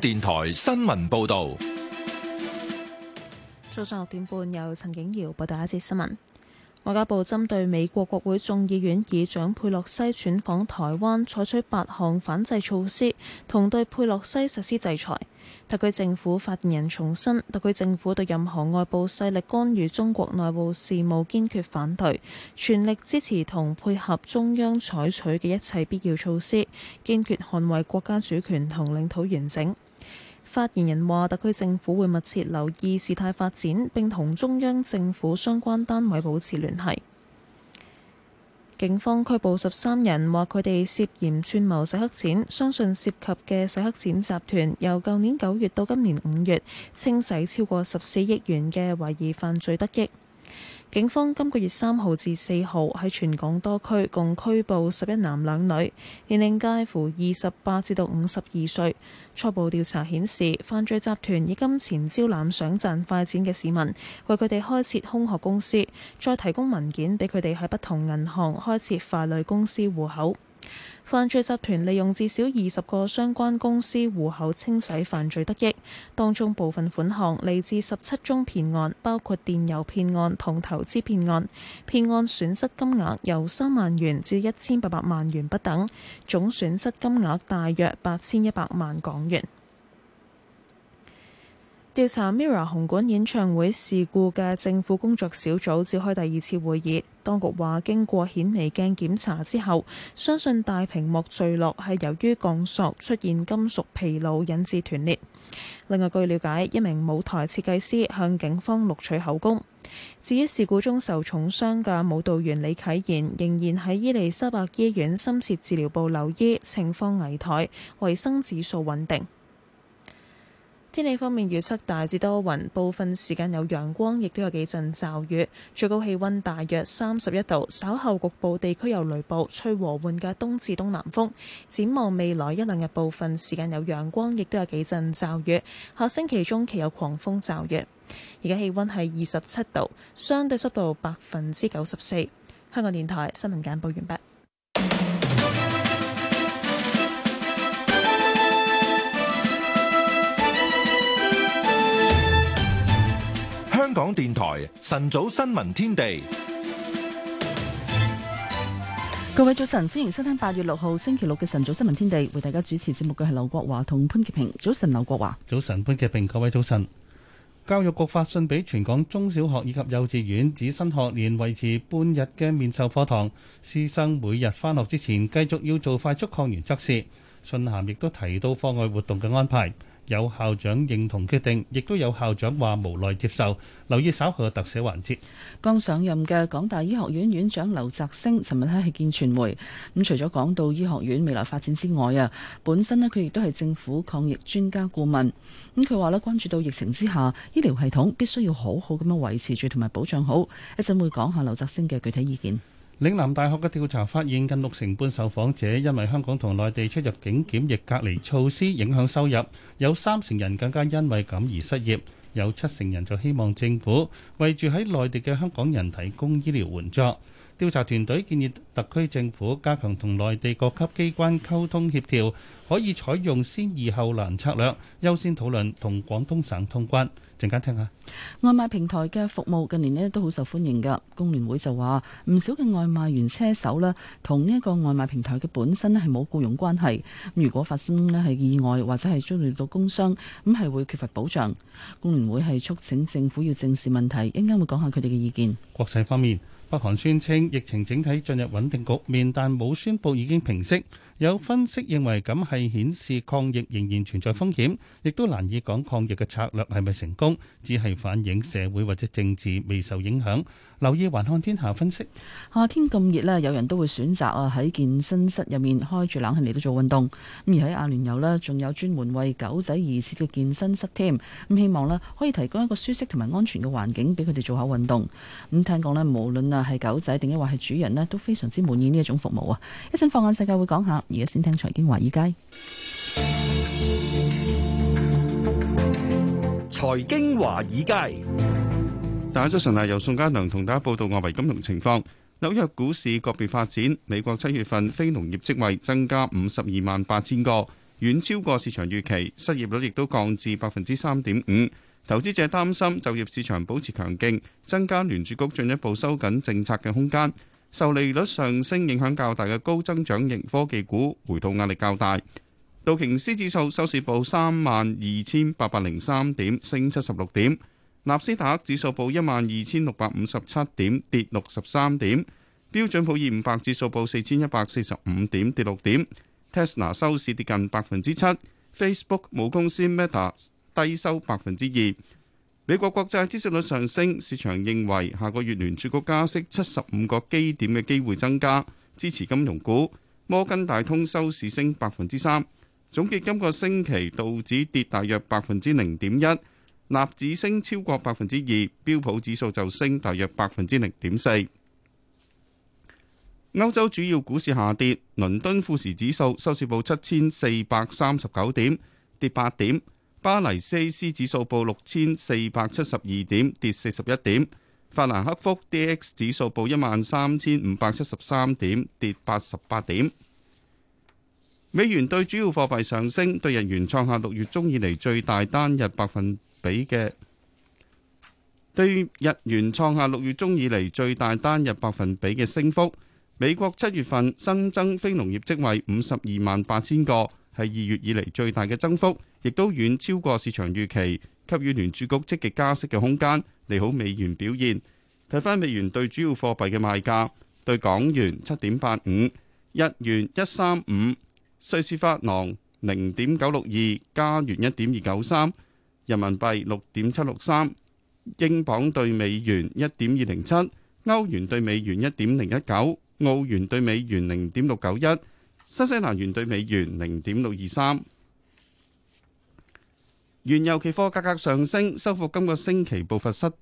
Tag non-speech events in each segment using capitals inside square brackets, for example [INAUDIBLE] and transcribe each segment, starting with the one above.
電台新聞報道：早上六點半，由陳景堯報道一節新聞。外交部針對美國國會眾議院議長佩洛西竄訪台灣，採取八項反制措施，同對佩洛西實施制裁。特區政府發言人重申，特區政府對任何外部勢力干預中國內部事務堅決反對，全力支持同配合中央採取嘅一切必要措施，堅決捍衛國家主權同領土完整。發言人話：特區政府會密切留意事態發展，並同中央政府相關單位保持聯繫。警方拘捕十三人，話佢哋涉嫌串謀洗黑錢，相信涉及嘅洗黑錢集團由舊年九月到今年五月清洗超過十四億元嘅懷疑犯罪得益。警方今個月三號至四號喺全港多區共拘捕十一男兩女，年齡介乎二十八至到五十二歲。初步調查顯示，犯罪集團以金錢招攬想賺快錢嘅市民，為佢哋開設空殼公司，再提供文件俾佢哋喺不同銀行開設傀儡公司戶口。犯罪集團利用至少二十個相關公司戶口清洗犯罪得益，當中部分款項嚟自十七宗騙案，包括電郵騙案同投資騙案，騙案損失金額由三萬元至一千八百萬元不等，總損失金額大約八千一百萬港元。調查 mirror 紅館演唱會事故嘅政府工作小組召開第二次會議，當局話經過顯微鏡檢查之後，相信大屏幕墜落係由於鋼索出現金屬疲勞引致斷裂。另外，據了解，一名舞台設計師向警方錄取口供。至於事故中受重傷嘅舞蹈員李啟賢，仍然喺伊利沙伯醫院深切治療部留醫，情況危殆，衛生指數穩定。天氣方面，預測大致多雲，部分時間有陽光，亦都有幾陣驟雨。最高氣溫大約三十一度，稍後局部地區有雷暴，吹和緩嘅東至東南風。展望未來一兩日，部分時間有陽光，亦都有幾陣驟雨。下星期中期有狂風驟雨。而家氣溫係二十七度，相對濕度百分之九十四。香港電台新聞簡報完畢。香港電台晨早新聞天地，各位早晨，歡迎收聽八月六號星期六嘅晨早新聞天地，為大家主持節目嘅係劉國華同潘潔平。早晨，劉國華，早晨，潘潔平，各位早晨。教育局發信俾全港中小學以及幼稚園，指新學年維持半日嘅面授課堂，師生每日翻學之前繼續要做快速抗原測試。信函亦都提到課外活動嘅安排。有校長認同決定，亦都有校長話無奈接受。留意稍後嘅特寫環節。剛上任嘅港大醫學院院長劉澤星，尋日喺度見傳媒。咁除咗講到醫學院未來發展之外啊，本身咧佢亦都係政府抗疫專家顧問。咁佢話咧，關注到疫情之下，醫療系統必須要好好咁樣維持住同埋保障好。一陣會講下劉澤星嘅具體意見。嶺南大學嘅調查發現，近六成半受訪者因為香港同內地出入境檢疫隔離措施影響收入，有三成人更加因為咁而失業，有七成人就希望政府為住喺內地嘅香港人提供醫療援助。調查團隊建議特區政府加強同內地各級機關溝通協調，可以採用先易後難策略，優先討論同廣東省通關。陣間聽下，外賣平台嘅服務近年咧都好受歡迎㗎。工聯會就話，唔少嘅外賣員車手咧，同呢一個外賣平台嘅本身咧係冇僱傭關係。咁如果發生咧係意外或者係遭遇到工傷，咁係會缺乏保障。工聯會係促請政府要正視問題，一陣間會講下佢哋嘅意見。國際方面。北韓宣稱疫情整體進入穩定局面，但冇宣布已經平息。有分析認為咁係顯示抗疫仍然存在風險，亦都難以講抗疫嘅策略係咪成功，只係反映社會或者政治未受影響。留意環看天下分析，夏天咁熱咧，有人都會選擇啊喺健身室入面開住冷氣嚟到做運動。咁而喺阿聯酋咧，仲有專門為狗仔而設嘅健身室添。咁希望咧可以提供一個舒適同埋安全嘅環境俾佢哋做下運動。咁聽講咧，無論啊係狗仔定抑或係主人咧，都非常之滿意呢一種服務啊！一陣放眼世界會講下。而家先聽財經華爾街。財經華爾街，大家早晨啊！由宋嘉良同大家報道外圍金融情況。紐約股市個別發展，美國七月份非農業職位增加五十二萬八千個，遠超過市場預期。失業率亦都降至百分之三點五。投資者擔心就業市場保持強勁，增加聯儲局進一步收緊政策嘅空間。受利率上升影響較大嘅高增長型科技股回吐壓力較大。道瓊斯指數收市報三萬二千八百零三點升七十六點，納斯達克指數報一萬二千六百五十七點跌六十三點，標準普爾五百指數報四千一百四十五點跌六點。Tesla 收市跌近百分之七。Facebook 母公司 Meta 低收百分之二。美國國債孳息率上升，市場認為下個月聯儲局加息七十五個基點嘅機會增加，支持金融股。摩根大通收市升百分之三。總結今個星期道指跌大約百分之零點一，納指升超過百分之二，標普指數就升大約百分之零點四。歐洲主要股市下跌，倫敦富時指數收市報七千四百三十九點，跌八點。巴黎 CAC 指數報六千四百七十二點，跌四十一點；法蘭克福 DAX 指數報一萬三千五百七十三點，跌八十八點。美元兌主要貨幣上升，兌日元創下六月中以嚟最大單日百分比嘅兌日元創下六月中以嚟最大單日百分比嘅升幅。美國七月份新增非農業職位五十二萬八千個。係二月以嚟最大嘅增幅，亦都遠超過市場預期，給予聯儲局積極加息嘅空間，利好美元表現。睇返美元對主要貨幣嘅賣價：對港元七點八五，日元一三五，瑞士法郎零點九六二，加元一點二九三，人民幣六點七六三，英鎊兌美元一點二零七，歐元兌美元一點零一九，澳元兌美元零點六九一。新西蘭元兌美元零點六二三，原油期貨價格上升，收復今個星期部分失，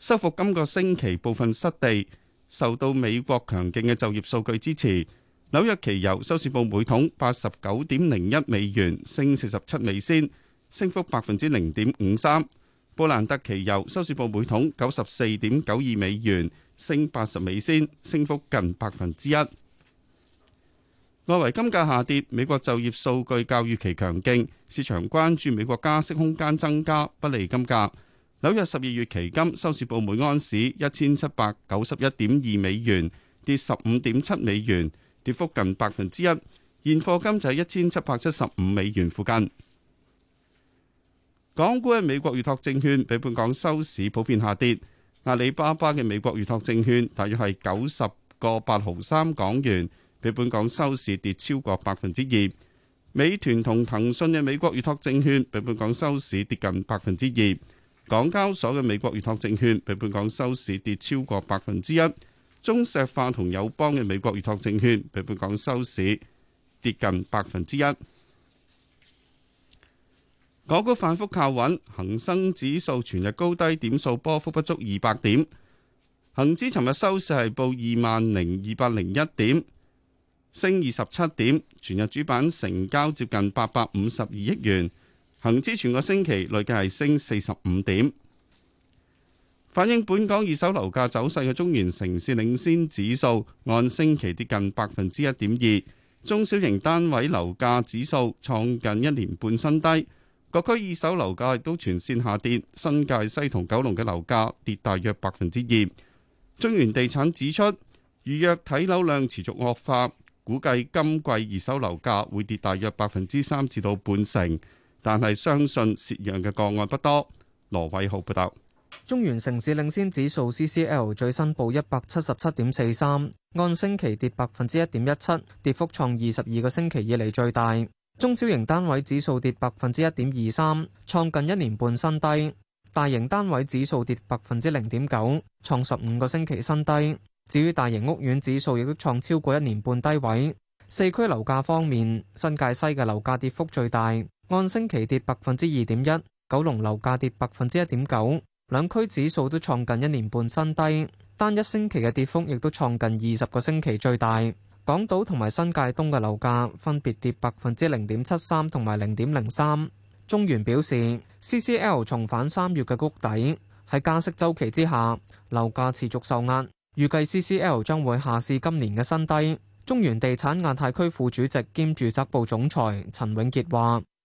收復今個星期部分失地，受到美國強勁嘅就業數據支持。紐約期油收市報每桶八十九點零一美元，升四十七美仙，升幅百分之零點五三。布蘭特期油收市報每桶九十四點九二美元，升八十美仙，升幅近百分之一。外圍金價下跌，美國就業數據較預期強勁，市場關注美國加息空間增加，不利金價。紐約十二月期金收市報每安士一千七百九十一點二美元，跌十五點七美元，跌幅近百分之一。現貨金就係一千七百七十五美元附近。港股嘅美國預託證券比本港收市普遍下跌，阿里巴巴嘅美國預託證券大約係九十個八毫三港元。比本港收市跌超過百分之二，美團同騰訊嘅美國預託證券比本港收市跌近百分之二；港交所嘅美國預託證券比本港收市跌超過百分之一；中石化同友邦嘅美國預託證券比本港收市跌近百分之一。港股反覆靠穩，恒生指數全日高低點數波幅不足二百點，恒指尋日收市係報二萬零二百零一點，升二十七點，全日主板成交接近八百五十二億元，恒指全個星期累計係升四十五點。反映本港二手樓價走勢嘅中原城市領先指數按星期跌近百分之一點二，中小型單位樓價指數創近一年半新低，各區二手樓價亦都全綫下跌，新界西同九龍嘅樓價跌大約百分之二。中原地產指出，預約睇樓量持續惡化。估計今季二手樓價會跌大約百分之三至到半成，但係相信蝕讓嘅個案不多。羅偉浩報道，中原城市領先指數 CCL 最新報一百七十七點四三，按星期跌百分之一點一七，跌幅創二十二個星期以嚟最大。中小型單位指數跌百分之一點二三，創近一年半新低；大型單位指數跌百分之零點九，創十五個星期新低。至於大型屋苑指數，亦都創超過一年半低位。四區樓價方面，新界西嘅樓價跌幅最大，按星期跌百分之二點一；九龍樓價跌百分之一點九，兩區指數都創近一年半新低，單一星期嘅跌幅亦都創近二十個星期最大。港島同埋新界東嘅樓價分別跌百分之零點七三同埋零點零三。中原表示，CCL 重返三月嘅谷底，喺加息周期之下，樓價持續受壓。預計 CCL 將會下試今年嘅新低。中原地產亞太區副主席兼住宅部總裁陳永傑話。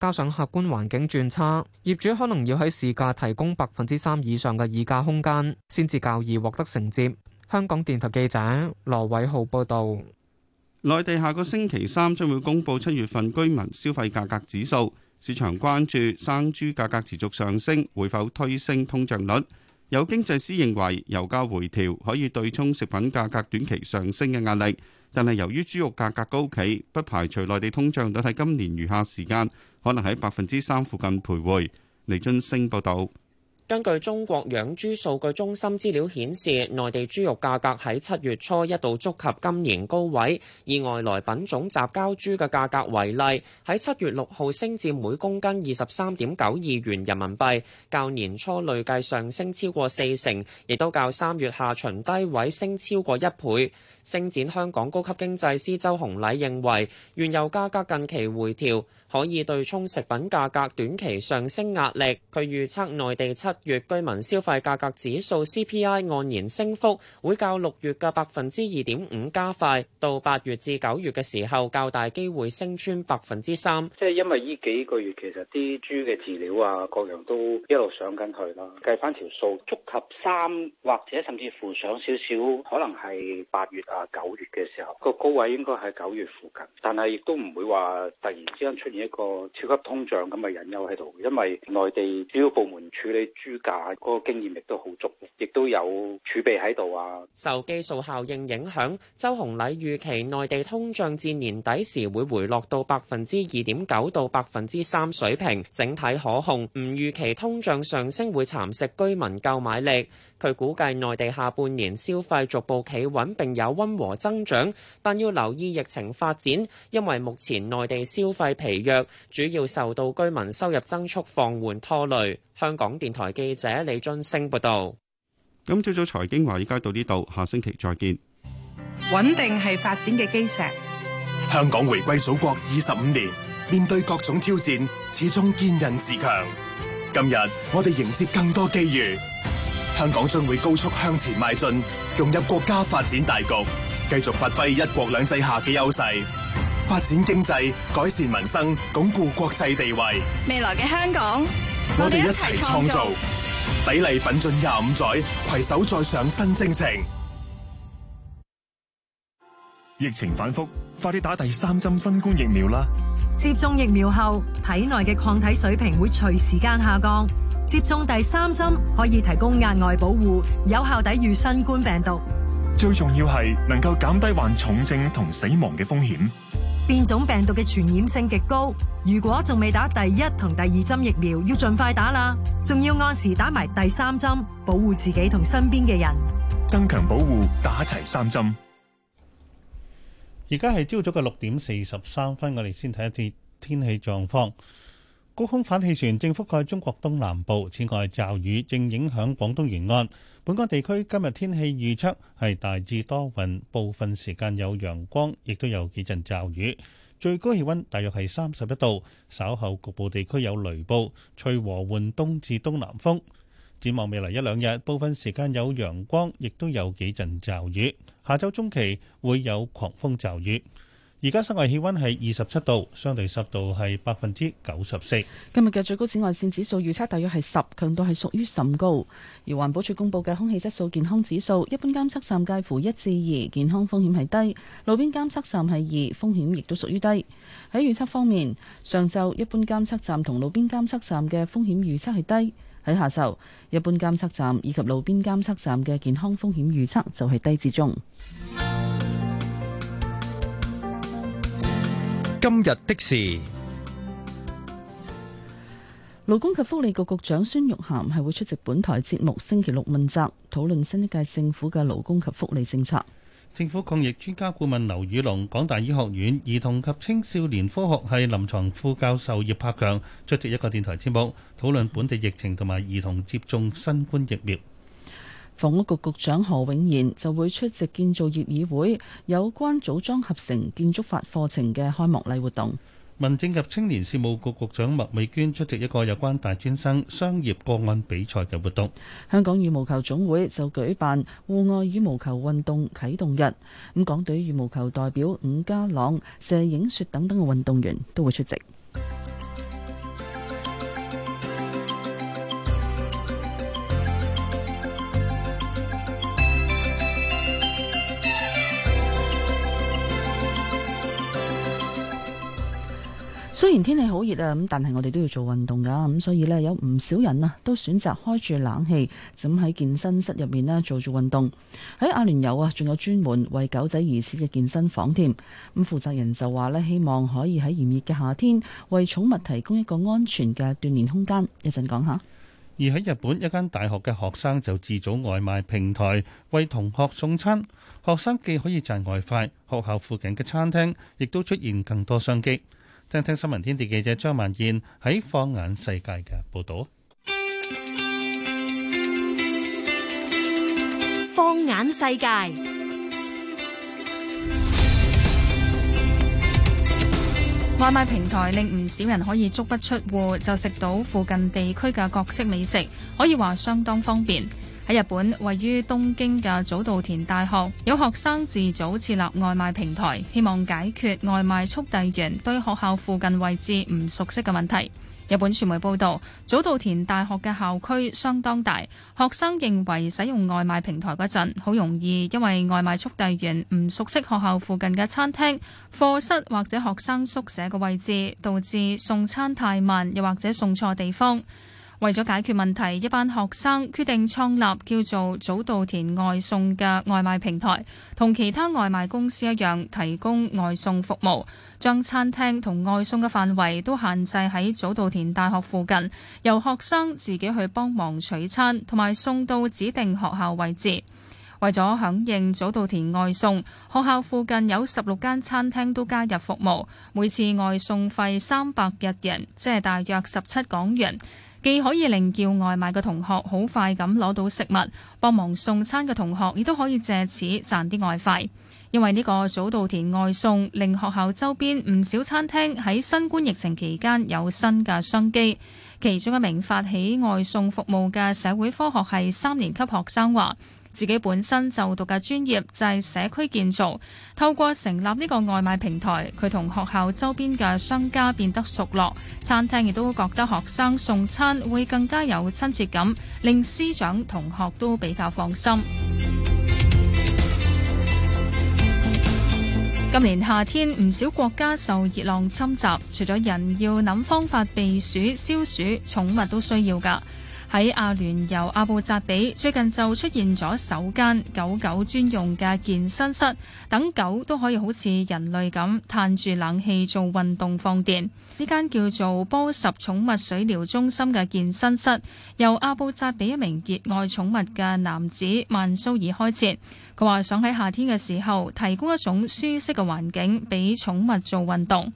加上客觀環境轉差，業主可能要喺市價提供百分之三以上嘅議價空間，先至較易獲得承接。香港電台記者羅偉浩報道。內地下個星期三將會公布七月份居民消費價格指數，市場關注生豬價格持續上升會否推升通脹率。有經濟師認為，油價回調可以對沖食品價格短期上升嘅壓力。但係由於豬肉價格高企，不排除內地通脹率喺今年餘下時間可能喺百分之三附近徘徊。李津升報導，根據中國養豬數據中心資料顯示，內地豬肉價格喺七月初一度觸及今年高位。以外來品種雜交豬嘅價格為例，喺七月六號升至每公斤二十三點九二元人民幣，較年初累計上升超過四成，亦都較三月下旬低位升超過一倍。升展香港高級經濟師周洪禮認為，原油價格近期回調，可以對沖食品價格短期上升壓力。佢預測內地七月居民消費價格指數 CPI 按年升幅會較六月嘅百分之二點五加快，到八月至九月嘅時候，較大機會升穿百分之三。即係因為呢幾個月其實啲豬嘅飼料啊，各樣都一路上跟上緊佢啦，計翻條數，觸及三或者甚至乎上少少，可能係八月啊。九月嘅時候，個高位應該係九月附近，但係亦都唔會話突然之間出現一個超級通脹咁嘅隱憂喺度，因為內地主要部門處理豬價嗰個經驗亦都好足，亦都有儲備喺度啊。受基數效應影響，周紅禮預期內地通脹至年底時會回落到百分之二點九到百分之三水平，整體可控，唔預期通脹上升會蠶食居民購買力。佢估計內地下半年消費逐步企穩並有溫和增長，但要留意疫情發展，因為目前內地消費疲弱，主要受到居民收入增速放緩拖累。香港電台記者李俊升報道：嗯「咁，朝早財經華爾街到呢度，下星期再見。穩定係發展嘅基石。香港回歸祖國二十五年，面對各種挑戰，始終堅韌自強。今日我哋迎接更多機遇。香港將會高速向前邁進，融入國家發展大局，繼續發揮一國兩制下嘅優勢，發展經濟，改善民生，鞏固國際地位。未來嘅香港，我哋一齊創造，砥礪奮進廿五載，攜手再上新征程。疫情反復，快啲打第三針新冠疫苗啦！接種疫苗後，體內嘅抗體水平會隨時間下降。接種第三針可以提供額外保護，有效抵禦新冠病毒。最重要係能夠減低患重症同死亡嘅風險。變種病毒嘅傳染性極高，如果仲未打第一同第二針疫苗，要盡快打啦。仲要按時打埋第三針，保護自己同身邊嘅人，增強保護，打齊三針。而家係朝早嘅六點四十三分，我哋先睇一啲天氣狀況。高空反氣旋正覆蓋中國東南部，此外，驟雨正影響廣東沿岸。本港地區今日天氣預測係大致多雲，部分時間有陽光，亦都有幾陣驟雨。最高氣溫大約係三十一度。稍後局部地區有雷暴，吹和緩東至東南風，展望未來一兩日，部分時間有陽光，亦都有幾陣驟雨。下周中期會有狂風驟雨。而家室外氣溫係二十七度，相對濕度係百分之九十四。今日嘅最高紫外線指數預測大約係十，強度係屬於甚高。而環保署公布嘅空氣質素健康指數，一般監測站介乎一至二，健康風險係低；路邊監測站係二，風險亦都屬於低。喺預測方面，上晝一般監測站同路邊監測站嘅風險預測係低；喺下晝，一般監測站以及路邊監測站嘅健康風險預測就係低至中。今日的事，勞工及福利局局長孫玉菡係會出席本台節目星期六問責，討論新一屆政府嘅勞工及福利政策。政府抗疫專家顧問劉宇隆，港大醫學院兒童及青少年科學系臨床副教授葉柏強，出席一個電台節目，討論本地疫情同埋兒童接種新冠疫苗。房屋局局長何永賢就會出席建造業議會有關組裝合成建築法課程嘅開幕禮活動。民政及青年事務局局局長麥美娟出席一個有關大專生商業個案比賽嘅活動。香港羽毛球總會就舉辦戶外羽毛球運動啟動日，咁港隊羽毛球代表伍家朗、謝影雪等等嘅運動員都會出席。雖然天氣好熱啊，咁但係我哋都要做運動噶，咁所以呢，有唔少人啊都選擇開住冷氣，咁喺健身室入面呢，做做運動。喺阿聯酋啊，仲有專門為狗仔而設嘅健身房添。咁負責人就話呢，希望可以喺炎熱嘅夏天為寵物提供一個安全嘅鍛煉空間。一陣講下。而喺日本，一間大學嘅學生就自組外賣平台，為同學送餐。學生既可以賺外快，學校附近嘅餐廳亦都出現更多商機。聽聽新聞天地記者張萬燕喺《放眼世界》嘅報道， [MUSIC] 《放眼世界》外賣平台令唔少人可以足不出戶就食到附近地區嘅各式美食，可以話相當方便。喺日本，位於東京嘅早稻田大學有學生自早設立外賣平台，希望解決外賣速遞員對學校附近位置唔熟悉嘅問題。日本傳媒報道，早稻田大學嘅校區相當大，學生認為使用外賣平台嗰陣，好容易因為外賣速遞員唔熟悉學校附近嘅餐廳、課室或者學生宿舍嘅位置，導致送餐太慢，又或者送錯地方。為咗解決問題，一班學生決定創立叫做早稻田外送嘅外賣平台，同其他外賣公司一樣提供外送服務，將餐廳同外送嘅範圍都限制喺早稻田大學附近，由學生自己去幫忙取餐同埋送到指定學校位置。為咗響應早稻田外送，學校附近有十六間餐廳都加入服務，每次外送費三百日元，即係大約十七港元。既可以令叫外賣嘅同學好快咁攞到食物，幫忙送餐嘅同學亦都可以借此賺啲外快。因為呢個早稻田外送令學校周邊唔少餐廳喺新冠疫情期間有新嘅商機。其中一名發起外送服務嘅社會科學系三年級學生話，自己本身就讀嘅專業就係、是、社區建造，透過成立呢個外賣平台，佢同學校周邊嘅商家變得熟絡，餐廳亦都覺得學生送餐會更加有親切感，令師長同學都比較放心。 [MUSIC] 今年夏天唔少國家受熱浪侵襲，除咗人要諗方法避暑消暑，寵物都需要㗎。喺阿聯酋阿布扎比，最近就出現咗首間狗狗專用嘅健身室，等狗都可以好似人類咁嘆住冷氣做運動放電。呢間叫做波什寵物水療中心嘅健身室，由阿布扎比一名熱愛寵物嘅男子曼蘇爾開設，佢話想喺夏天嘅時候提供一種舒適嘅環境俾寵物做運動。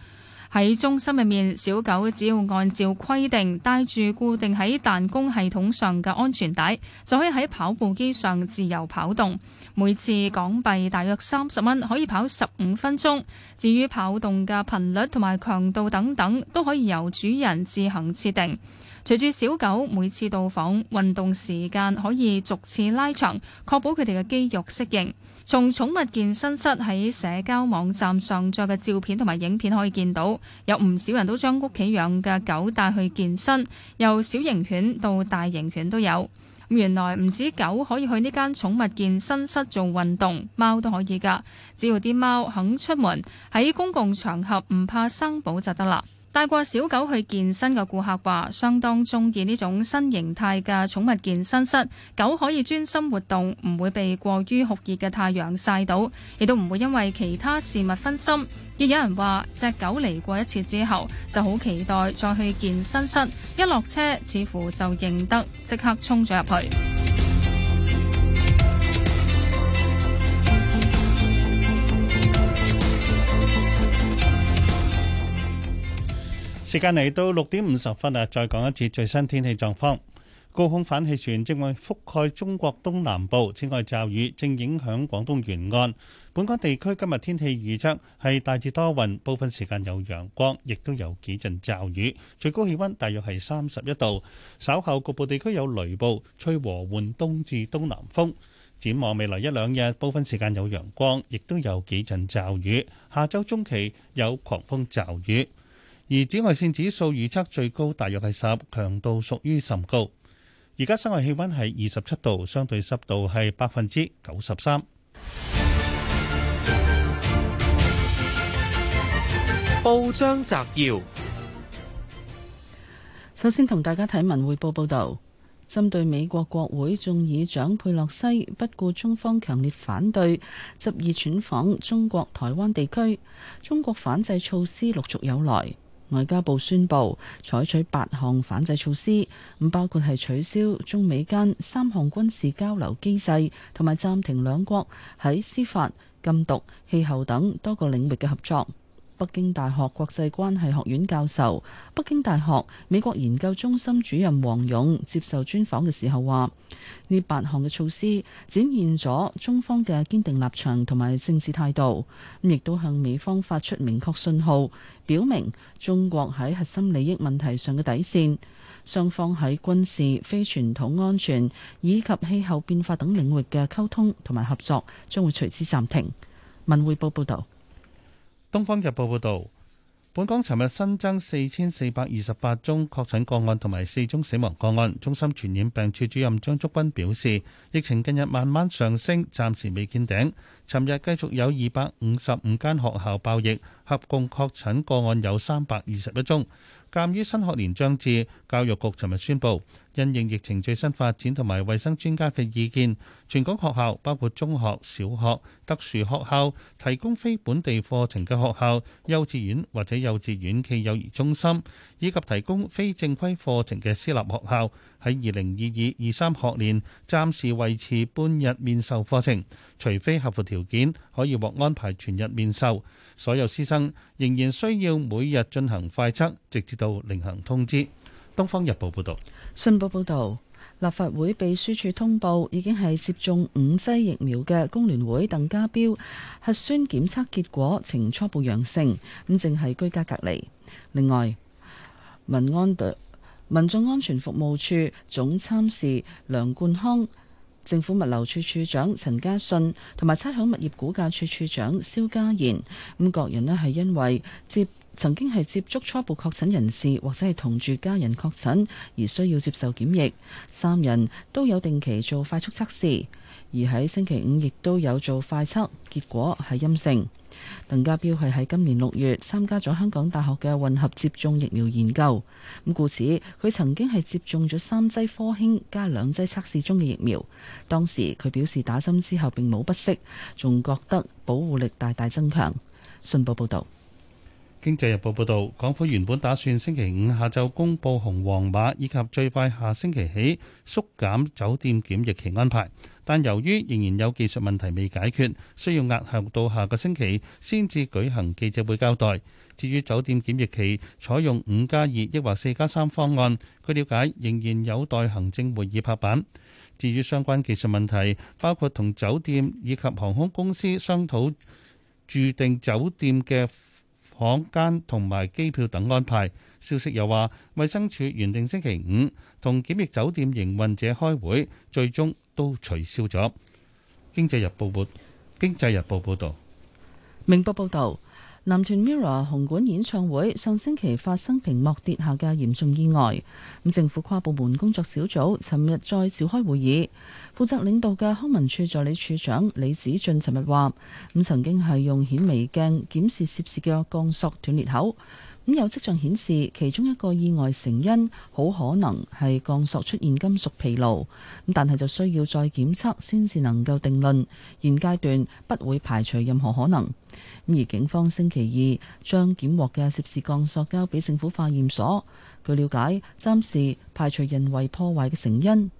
喺中心入面，小狗只要按照規定帶住固定喺彈弓系統上嘅安全帶，就可以喺跑步機上自由跑動，每次港幣大約三十蚊，可以跑十五分鐘，至於跑動嘅頻率同埋強度等等，都可以由主人自行設定。隨住小狗每次到訪，運動時間可以逐次拉長，確保佢哋嘅肌肉適應。從寵物健身室喺社交網站上載嘅照片同埋影片可以見到，有唔少人都將屋企養嘅狗帶去健身，由小型犬到大型犬都有。原來唔止狗可以去呢間寵物健身室做運動，貓都可以㗎，只要啲貓肯出門喺公共場合唔怕生保就得啦。帶過小狗去健身嘅顧客話，相當中意呢種新形態嘅寵物健身室，狗可以專心活動，唔會被過於酷熱嘅太陽曬到，亦都唔會因為其他事物分心。亦有人話，隻狗嚟過一次之後，就好期待再去健身室，一落車似乎就認得，即刻衝咗入去。時間嚟到六點五十分啊！再講一次最新天氣狀況。高空反氣旋將會覆蓋中國東南部，此外驟雨正影響廣東沿岸。本港地區今日天氣預測係大致多雲，部分時間有陽光，亦都有幾陣驟雨。最高氣溫大約係三十一度。稍後局部地區有雷暴，吹和緩東至東南風。展望未來一兩日，部分時間有陽光，亦都有幾陣驟雨。下周中期有狂風驟雨。而紫外線指數預測最高，大約係十，強度屬於甚高。而家室外氣温係二十七度，相對濕度係百分之九十三。報章摘要，首先同大家睇文匯報報道，針對美國國會眾議長佩洛西不顧中方強烈反對，執意竄訪中國台灣地區，中國反制措施陸續有來。外交部宣布採取八項反制措施，包括係取消中美間三項軍事交流機制，同埋暫停兩國喺司法、禁毒、氣候等多個領域嘅合作。北京大學國際關係學院教授、北京大學美國研究中心主任王勇接受專訪嘅時候話，呢八項嘅措施展現咗中方嘅堅定立場同埋政治態度，亦都向美方發出明確信號，表明中國喺核心利益問題上嘅底線。雙方喺軍事、非傳統安全以及氣候變化等領域嘅溝通同埋合作將會隨之暫停。文匯報報道。《東方日報》報導，本港尋日新增四千四百二十八宗確診個案，同埋四宗死亡個案。中心傳染病處主任張竹君表示，疫情近日慢慢上升，暫時未見頂。尋日繼續有二百五十五間學校爆疫，合共確診個案有三百二十一宗。鑒於新學年將至，教育局尋日宣布，因應疫情最新發展同埋衛生專家嘅意見，全港學校包括中學、小學、特殊學校、提供非本地課程嘅學校、幼稚園或者幼稚園暨幼兒中心，以及提供非正規課程嘅私立學校，喺二零二二二三學年暫時維持半日面授課程，除非合乎條件可以獲安排全日面授，所有師生仍然需要每日進行快測，直至到另行通知。《東方日報》報導，《信報》報導，立法會秘書處通報，已經係接種五劑疫苗嘅工聯會鄧家彪核酸檢測結果呈初步陽性，咁淨係居家隔離。另外，民安隊。民眾安全服務處總參事梁冠康、政府物流處處長陳家信同埋差餉物業估價處處長蕭家賢咁，各人呢係因為接曾經係接觸初步確診人士或者係同住家人確診而需要接受檢疫，三人都有定期做快速測試，而喺星期五亦都有做快測，結果係陰性。鄧家彪係喺今年六月參加咗香港大學嘅混合接種疫苗研究。咁故此，佢曾經係接種咗三劑科興加兩劑測試中嘅疫苗。當時佢表示打針之後並冇不適，仲覺得保護力大大增強。信報報道。經濟日報報導，港府原本打算星期五下晝公布紅黃碼，以及最快下星期起縮減酒店檢疫期安排，但由於仍然有技術問題未解決，需要壓後到下個星期先至舉行記者會交代。至於酒店檢疫期採用五加二抑或四加三方案，據瞭解仍然有待行政會議拍板。至於相關技術問題，包括同酒店以及航空公司商討註定酒店嘅。房間同埋機票等安排。消息又話，衛生署原定星期五同檢疫酒店營運者開會，最終都取消咗。經濟日報報，經濟日報報導，明報報導。男團 Mirror 紅館演唱會上星期發生屏幕跌下嘅嚴重意外，咁政府跨部門工作小組尋日再召開會議。負責領導嘅康文署助理署長李子俊尋日話，咁曾經係用顯微鏡檢視涉事嘅鋼索斷裂口，咁有跡象顯示其中一個意外成因好可能係鋼索出現金屬疲勞，咁但係就需要再檢測，先至能夠定論。現階段不會排除任何可能。咁而警方星期二將檢獲嘅涉事鋼索交俾政府化驗所。據了解，暫時排除人為破壞嘅成因。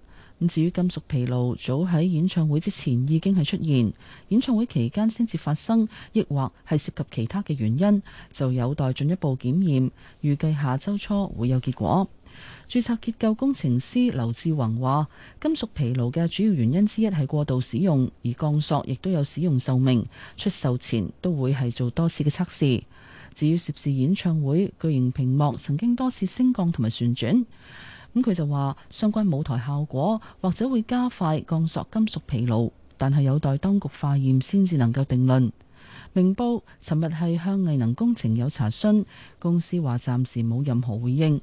咁至於金屬疲勞早喺演唱會之前已經係出現，演唱會期間先至發生，抑或係涉及其他嘅原因，就有待進一步檢驗。預計下周初會有結果。註冊結構工程師劉志宏話，金屬疲勞嘅主要原因之一係過度使用，而鋼索亦都有使用壽命。出售前都會係做多次嘅測試。至於涉事演唱會巨型屏幕曾經多次升降同埋旋轉，咁、嗯、佢就話相關舞台效果或者會加快鋼索金屬疲勞，但係有待當局化驗先至能夠定論。明報尋日係向藝能工程有查詢，公司話暫時冇任何回應。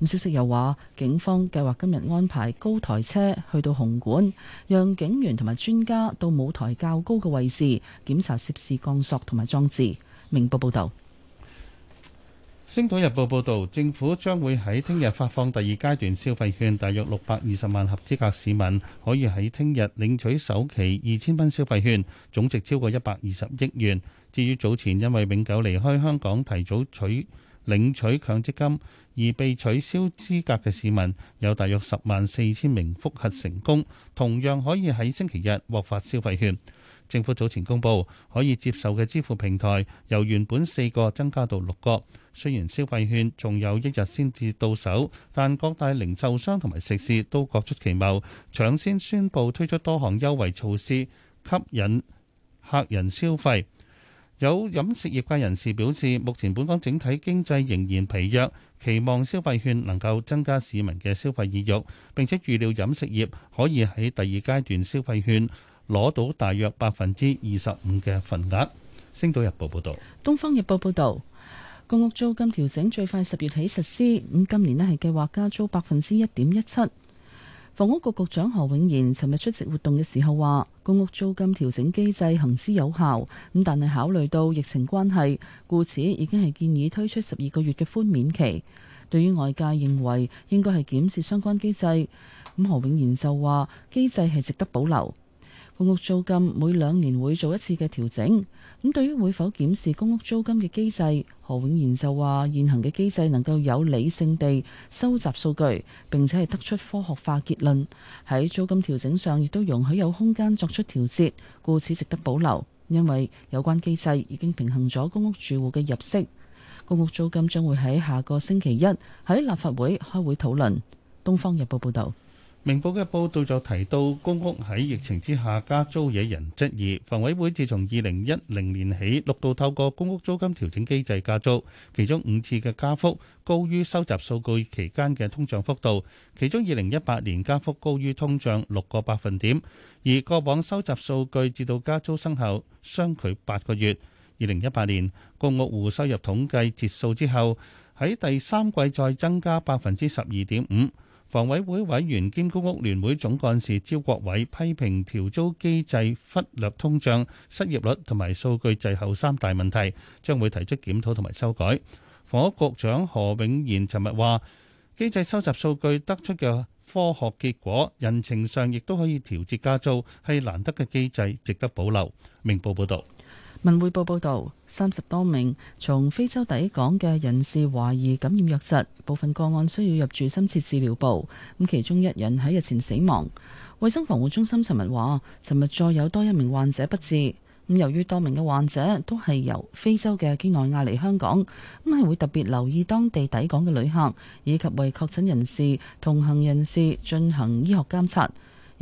咁消息又話，警方計劃今日安排高台車去到紅館，讓警員同埋專家到舞台較高嘅位置檢查涉事鋼索同埋裝置。明報報道，《星島日報》報道，政府將會喺聽日發放第二階段消費券，大約六百二十萬合資格市民可以喺聽日領取首期二千蚊消費券，總值超過一百二十億元。至於早前因為永久離開香港提早取領取強積金而被取消資格嘅市民有大約十萬四千名複核成功，同樣可以喺星期日獲發消費券。政府早前公布可以接受嘅支付平台由原本四個增加到六個。雖然消費券仲有一日先至到手，但各大零售商同埋食肆都各出奇謀，搶先宣布推出多項優惠措施，吸引客人消費。有飲食業界人士表示，目前本港整體經濟仍然疲弱，期望消費券能夠增加市民嘅消費意欲，並且預料飲食業可以喺第二階段消費券攞到大約百分之二十五嘅份額。星島日報報道。東方日報報道，公屋租金調整最快十月起實施，咁今年呢係計劃加租百分之一點一七。房屋局局長何永賢尋日出席活動嘅時候話，公屋租金調整機制行之有效，咁但係考慮到疫情關係，故此已經係建議推出十二個月嘅寬免期。對於外界認為應該係檢視相關機制，咁何永賢就話機制係值得保留，公屋租金每兩年會做一次嘅調整。咁，對於會否檢視公屋租金嘅機制，何永賢就話：現行嘅機制能夠有理性地收集數據，並且係得出科學化結論。喺租金調整上，亦都容許有空間作出調節，故此值得保留，因為有關機制已經平衡咗公屋住戶嘅入息。公屋租金將會喺下個星期一喺立法會開會討論。《東方日報，報道》報導。明報嘅報道就提到，公屋喺疫情之下加租惹人質疑。房委會自從二零一零年起六度透過公屋租金調整機制加租，其中五次嘅加幅高於收集數據期間嘅通脹幅度，其中二零一八年加幅高於通脹六個百分點。而過往收集數據至到加租生效相距八個月，二零一八年公屋戶收入統計截數之後，喺第三季再增加百分之十二點五。房委會委員兼公屋聯會總幹事招國偉批評調租機制忽略通脹、失業率同埋數據滯後三大問題，將會提出檢討同埋修改。房屋局長何永賢尋日話：機制收集數據得出嘅科學結果，人情上亦都可以調節加租，係難得嘅機制，值得保留。明報報道。文匯報報道，三十多名從非洲抵港嘅人士懷疑感染瘧疾，部分個案需要入住深切治療部。咁其中一人喺日前死亡。衛生防護中心尋日話，尋日再有多一名患者不治。咁由於多名嘅患者都係由非洲嘅幾內亞嚟香港，咁係會特別留意當地抵港嘅旅客，以及為確診人士同行人士進行醫學監察。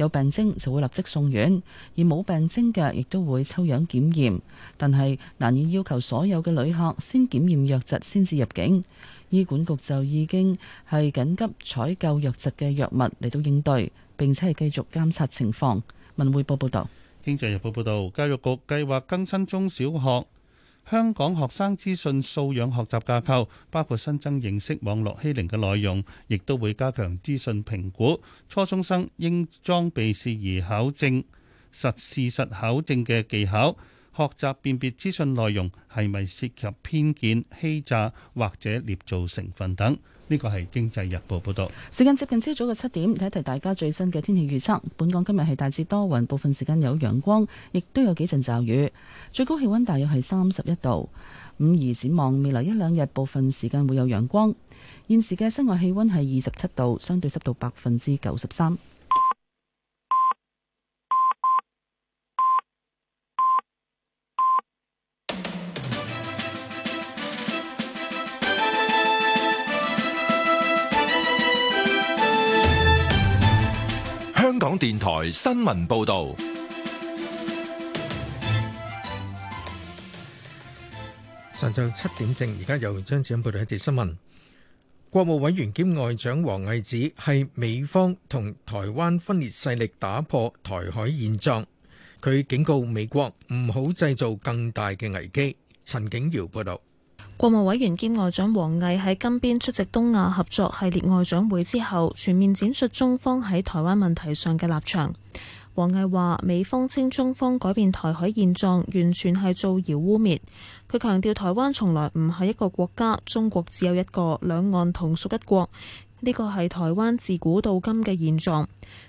有病徵就會立即送院，而冇病徵嘅亦都會抽樣檢驗。但係難以要求所有嘅旅客先檢驗藥質先至入境。醫管局就已經係緊急採購藥質嘅藥物嚟到應對，並且係繼續監察情況。文匯報報道，《經濟日報》報道，教育局計劃更新中小學。香港學生資訊素養學習架構，包括新增認識網絡欺凌嘅內容，亦都會加強資訊評估。初中生應裝備事宜考證實事實考證嘅技巧，學習辨別資訊內容係咪涉及偏見、欺詐或者捏造成分等。呢個係《經濟日報》報道。時間接近朝早嘅七點，睇一睇大家最新嘅天氣預測。本港今日係大致多雲，部分時間有陽光，亦都有幾陣驟雨。最高氣溫大約係三十一度五。而展望未來一兩日，部分時間會有陽光。現時嘅室外氣溫係二十七度，相對濕度百分之九十三。香港電台新聞報道，上晝七點正，而家由張子欣報道一節新聞。國務委員兼外長王毅指，係美方同台灣分裂勢力打破台海現狀，佢警告美國唔好製造更大嘅危機。陳景堯報道。國務委員兼外長王毅喺金邊出席東亞合作系列外長會之後，全面展述中方喺台灣問題上嘅立場。王毅話：美方稱中方改變台海現狀，完全係造謠污衊。佢強調，台灣從來唔係一個國家，中國只有一個，兩岸同屬一國。呢個係台灣自古到今嘅現狀。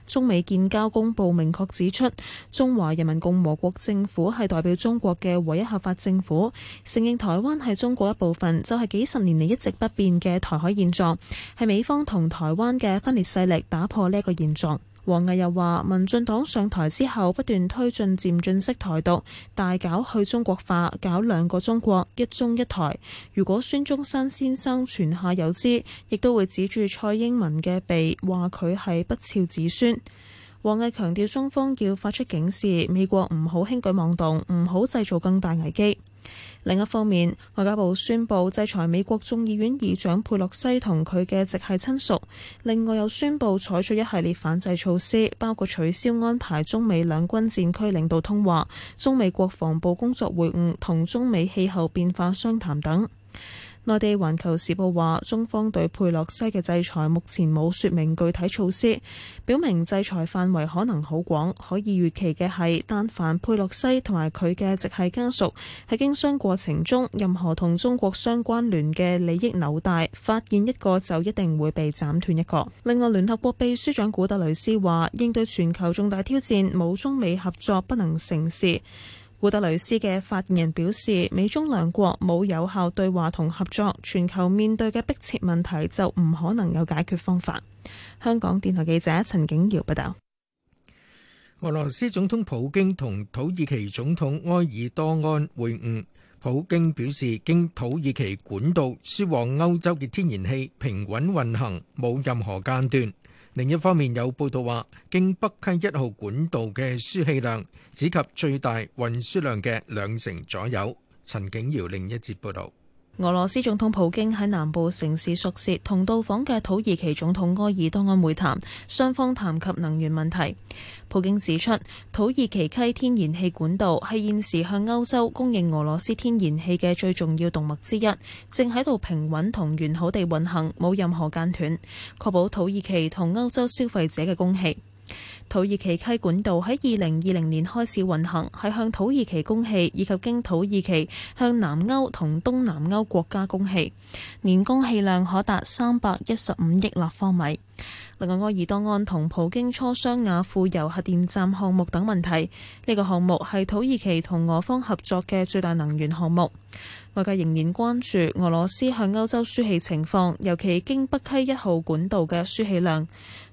中美建交公報明確指出，中華人民共和國政府係代表中國嘅唯一合法政府，承認台灣係中國一部分，就係幾十年嚟一直不變嘅台海現狀，係美方同台灣嘅分裂勢力打破呢一個現狀。王毅又話：民進黨上台之後，不斷推進漸進式台獨，大搞去中國化，搞兩個中國、一中一台。如果孫中山先生泉下有知，亦都會指住蔡英文嘅鼻，話佢係不肖子孫。王毅強調，中方要發出警示，美國唔好輕舉妄動，唔好製造更大危機。另一方面，外交部宣布制裁美國眾議院議長佩洛西同佢嘅直系親屬，另外又宣布採取一系列反制措施，包括取消安排中美兩軍戰區領導通話，中美國防部工作會晤同中美氣候變化商談等。內地《環球時報》話，中方對佩洛西嘅制裁目前冇説明具體措施，表明制裁範圍可能好廣。可以預期嘅係，但凡佩洛西同埋佢嘅直系家屬喺經商過程中，任何同中國相關聯嘅利益紐帶，發現一個就一定會被斬斷一個。另外，聯合國秘書長古特雷斯話，應對全球重大挑戰，冇中美合作不能成事。古特雷斯嘅發言人表示，美中兩國冇有效對話同合作，全球面對嘅迫切問題就唔可能有解決方法。香港電台記者陳景瑤報道。俄羅斯總統普京同土耳其總統埃爾多安會晤，普京表示，經土耳其管道輸往歐洲嘅天然氣平穩運行，冇任何間斷，另一方面，有報道話經北溪一號管道嘅輸氣量。只及最大運輸量嘅兩成左右。陳景瑤。另一節報導，俄羅斯總統普京喺南部城市索契同到訪嘅土耳其總統埃爾多安會談，雙方談及能源問題。普京指出，土耳其溪天然氣管道係現時向歐洲供應俄羅斯天然氣嘅最重要動脈之一，正喺度平穩同完好地運行，冇任何間斷，確保土耳其同歐洲消費者嘅供氣。土耳其溪管道喺二零二零年開始運行，係向土耳其供氣以及經土耳其向南歐同東南歐國家供氣，年供氣量可達三百一十五億立方米。另外，埃爾多安同普京磋商亞富油核電站項目等問題。呢、這個項目係土耳其同俄方合作嘅最大能源項目。外界仍然關注俄羅斯向歐洲輸氣情況，尤其經北溪一號管道嘅輸氣量。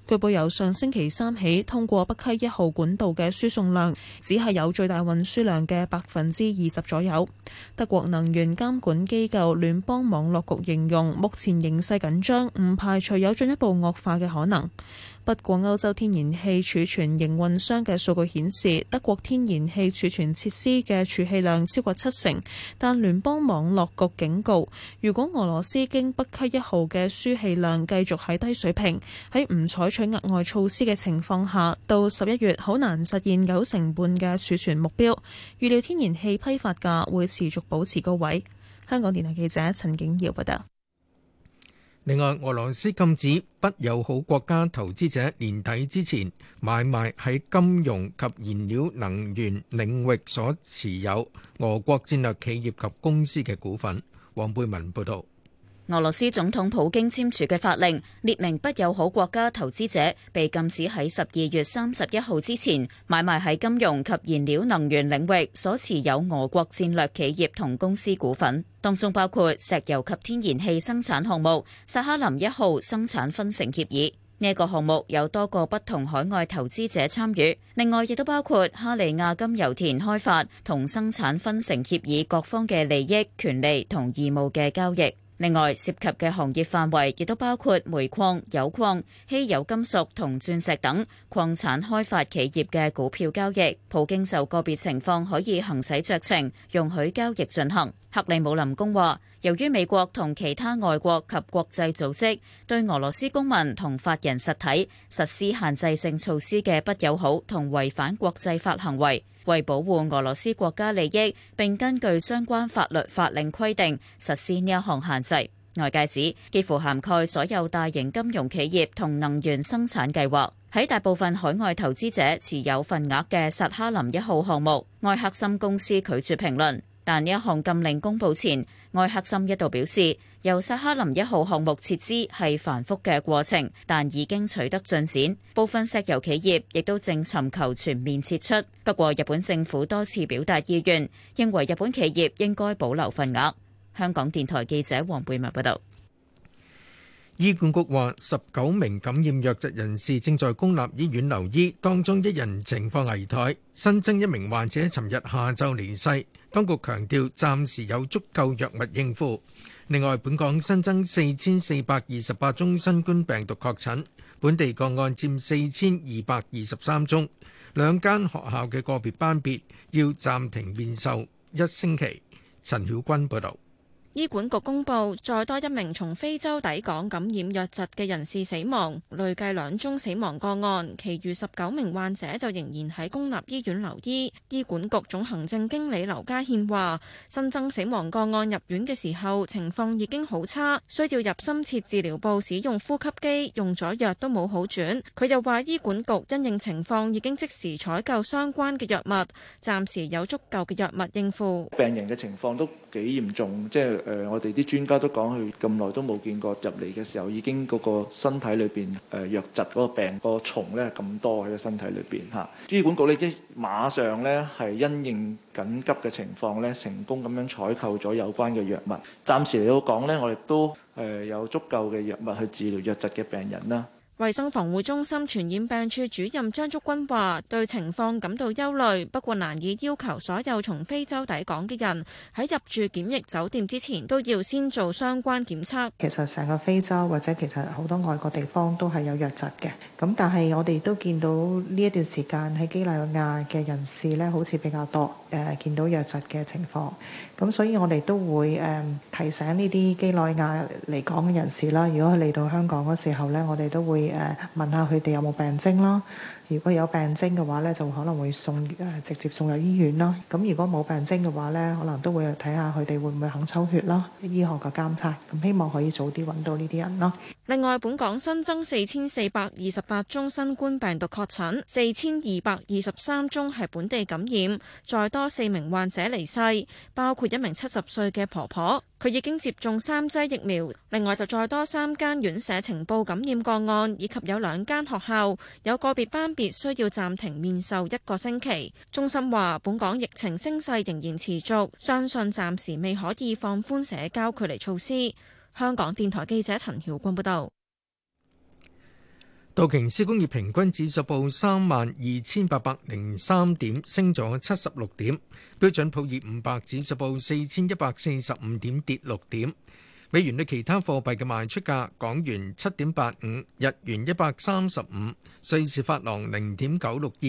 據報由上星期三起，通過北溪一號管道嘅輸送量只係有最大運輸量嘅百分之二十左右。德國能源監管機構聯邦網絡局形容目前形勢緊張，唔排除有進一步惡化嘅可能。不過，歐洲天然氣儲存營運商嘅數據顯示，德國天然氣儲存設施嘅儲氣量超過七成，但聯邦網絡局警告，如果俄羅斯經北溪一號嘅輸氣量繼續喺低水平，喺唔採取額外措施嘅情況下，到十一月好難實現九成半嘅儲存目標。預料天然氣批發價會持續保持高位。香港電台記者陳景堯報道。另外，俄羅斯禁止不友好國家投資者年底之前買賣喺金融及燃料能源領域所持有俄國戰略企業及公司嘅股份。黃佩文報導。俄羅斯總統普京簽署嘅法令列明，不友好國家投資者被禁止喺十二月三十一號之前買賣喺金融及燃料能源領域所持有俄國戰略企業同公司股份，當中包括石油及天然氣生產項目薩哈林一號生產分成協議。呢個項目有多個不同海外投資者參與，另外亦都包括哈利亞金油田開發同生產分成協議各方嘅利益、權利同義務嘅交易。另外涉及嘅行業範圍亦都包括煤礦、鈾礦、稀有金屬同鑽石等礦產開發企業嘅股票交易。普京就個別情況可以行使酌情容許交易進行。克里姆林宮話，由於美國同其他外國及國際組織對俄羅斯公民同法人實體實施限制性措施嘅不友好同違反國際法行為。為保護俄羅斯國家利益，並根據相關法律法令規定實施呢一項限制，外界指幾乎涵蓋所有大型金融企業同能源生產計劃。喺大部分海外投資者持有份額嘅薩哈林一號項目，愛克森公司拒絕評論。但呢一項禁令公布前，愛克森一度表示，由薩哈林一號項目撤資係繁複嘅過程，但已經取得進展。部分石油企業亦都正尋求全面撤出，不過日本政府多次表達意願，認為日本企業應該保留份額。香港電台記者黃貝文報道。醫管局話，十九名感染藥疾人士正在公立醫院留醫，當中一人情況危殆。新增一名患者，尋日下晝離世。當局強調，暫時有足夠藥物應付。另外，本港新增四千四百二十八宗新冠病毒確診，本地個案佔四千二百二十三宗。兩間學校嘅個別班別要暫停面授一星期。陳曉君報道。醫管局公布再多一名從非洲抵港感染瘧疾嘅人士死亡，累計兩宗死亡個案，其餘十九名患者就仍然喺公立醫院留醫。醫管局總行政經理劉家憲話：新增死亡個案入院嘅時候情況已經好差，需要入深切治療部使用呼吸機，用咗藥都冇好轉。佢又話醫管局因應情況已經即時採購相關嘅藥物，暫時有足夠嘅藥物應付。病人嘅情況都幾嚴重，即係。誒、呃，我哋啲專家都講，佢咁耐都冇見過入嚟嘅時候，已經嗰個身體裏邊誒瘧疾嗰個病、嗰個蟲咧咁多喺個身體裏邊嚇。醫、啊、管局咧即馬上咧係因應緊急嘅情況咧，成功咁樣採購咗有關嘅藥物。暫時嚟到講咧，我哋都誒、呃、有足夠嘅藥物去治療瘧疾嘅病人啦。衛生防護中心傳染病處主任張竹君話，對情況感到憂慮，不過難以要求所有從非洲抵港嘅人喺入住檢疫酒店之前都要先做相關檢測。其實成個非洲或者其實好多外國地方都係有瘧疾嘅，咁但係我哋都見到呢一段時間喺幾內亞嘅人士呢，好似比較多，誒見到瘧疾嘅情況。咁所以我哋都會誒、呃、提醒呢啲基內亞嚟港嘅人士啦。如果佢嚟到香港嗰時候咧，我哋都會誒、呃、問下佢哋有冇病徵囉。如果有病徵嘅話咧，就可能會送誒、呃、直接送入醫院囉。咁如果冇病徵嘅話咧，可能都會睇下佢哋會唔會肯抽血囉，醫學嘅監察。咁希望可以早啲揾到呢啲人咯。另外，本港新增四千四百二十八宗新冠病毒確診，四千二百二十三宗係本地感染，再多四名患者離世，包括一名七十歲嘅婆婆，佢已經接種三劑疫苗。另外，就再多三間院舍呈報感染個案，以及有兩間學校有個別班別需要暫停面授一個星期。中心話，本港疫情升勢仍然持續，相信暫時未可以放寬社交距離措施。香港電台記者陳曉君報道，道瓊斯工業平均指數報三萬二千八百零三點，升咗七十六點。標準普爾五百指數報四千一百四十五點，跌六點。美元兌其他貨幣嘅賣出價：港元七點八五，日元一百三十五，瑞士法郎零點九六二，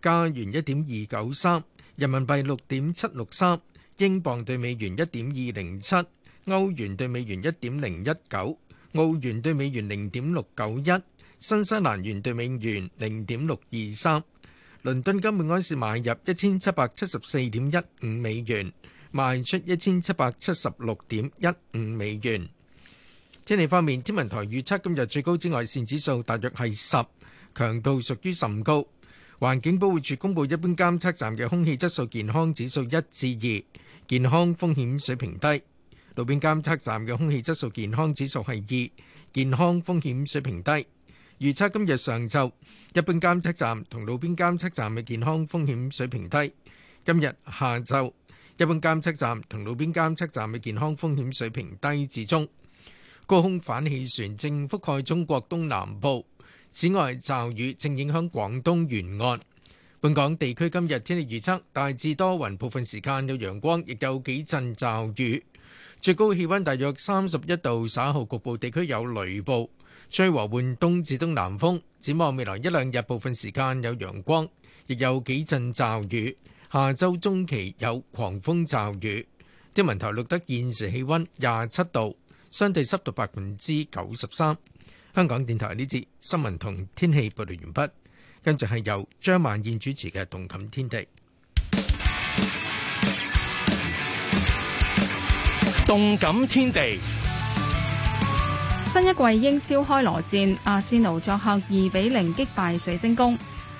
加元一點二九三，人民幣六點七六三，英鎊兌美元一點二零七。歐元對美元一點零一九，澳元對美元零點六九一，新西蘭元對美元零點六二三。倫敦金每安士買入一千七百七十四點一五美元，賣出一千七百七十六點一五美元。天氣方面，天文台預測今日最高紫外線指數大約係十，強度屬於甚高。環境保護署公布一般監測站嘅空氣質素健康指數一至二，健康風險水平低。路邊監測站嘅空氣質素健康指數係二，健康風險水平低。預測今日上晝，一般監測站同路邊監測站嘅健康風險水平低。今日下晝，一般監測站同路邊監測站嘅健康風險水平低至中。高空反氣旋正覆蓋中國東南部，此外，驟雨正影響廣東沿岸。本港地區今日天氣預測大致多雲，部分時間有陽光，亦有幾陣驟雨。最高氣温大約三十一度，稍後局部地區有雷暴，吹和緩東至東南風。展望未來一兩日，部分時間有陽光，亦有幾陣驟雨。下周中期有狂風驟雨。天文台錄得現時氣温廿七度，相對濕度百分之九十三。香港電台呢節新聞同天氣報道完畢，跟住係由張萬燕主持嘅《動感天地》。動感天地，新一季英超開鑼戰，阿仙奴作客二比零擊敗水晶宮。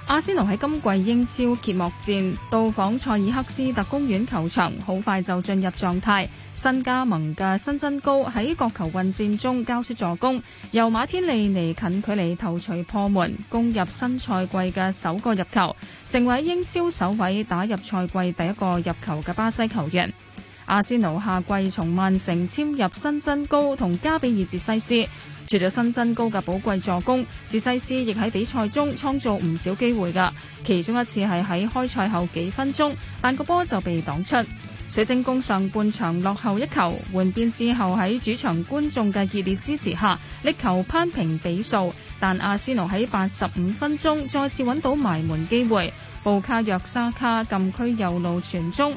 阿仙奴喺今季英超揭幕戰到訪塞爾克斯特公園球場，好快就進入狀態。新加盟嘅辛真高喺角球混戰中交出助攻，由馬天利尼近距離頭錘破門，攻入新賽季嘅首個入球，成為英超首位打入賽季第一個入球嘅巴西球員。阿仙奴下季從曼城簽入新增高同加比爾哲西斯，除咗新增高嘅寶貴助攻，哲西斯亦喺比賽中創造唔少機會噶。其中一次係喺開賽後幾分鐘，但個波就被擋出。水晶宮上半場落後一球，換邊之後喺主場觀眾嘅熱烈支持下，力求攀平比數。但阿仙奴喺八十五分鐘再次揾到埋門機會，布卡約沙卡禁區右路傳中。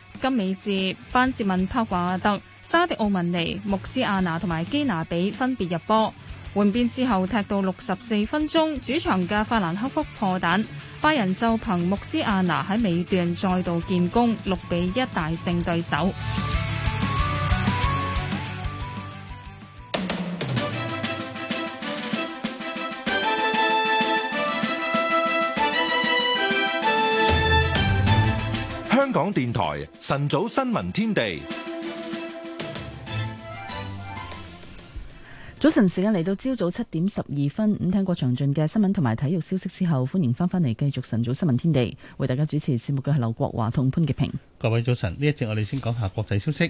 金美治、班哲敏、帕華特、沙迪奧文尼、穆斯亞拿同埋基拿比分別入波，換邊之後踢到六十四分鐘，主場嘅法蘭克福破蛋，拜仁就憑穆斯亞拿喺尾段再度建功，六比一大勝對手。電台晨早新聞天地，早晨時間嚟到朝早七點十二分，五聽過詳盡嘅新聞同埋體育消息之後，歡迎翻返嚟繼續晨早新聞天地，為大家主持節目嘅係劉國華同潘潔平。各位早晨，呢一節我哋先講下國際消息。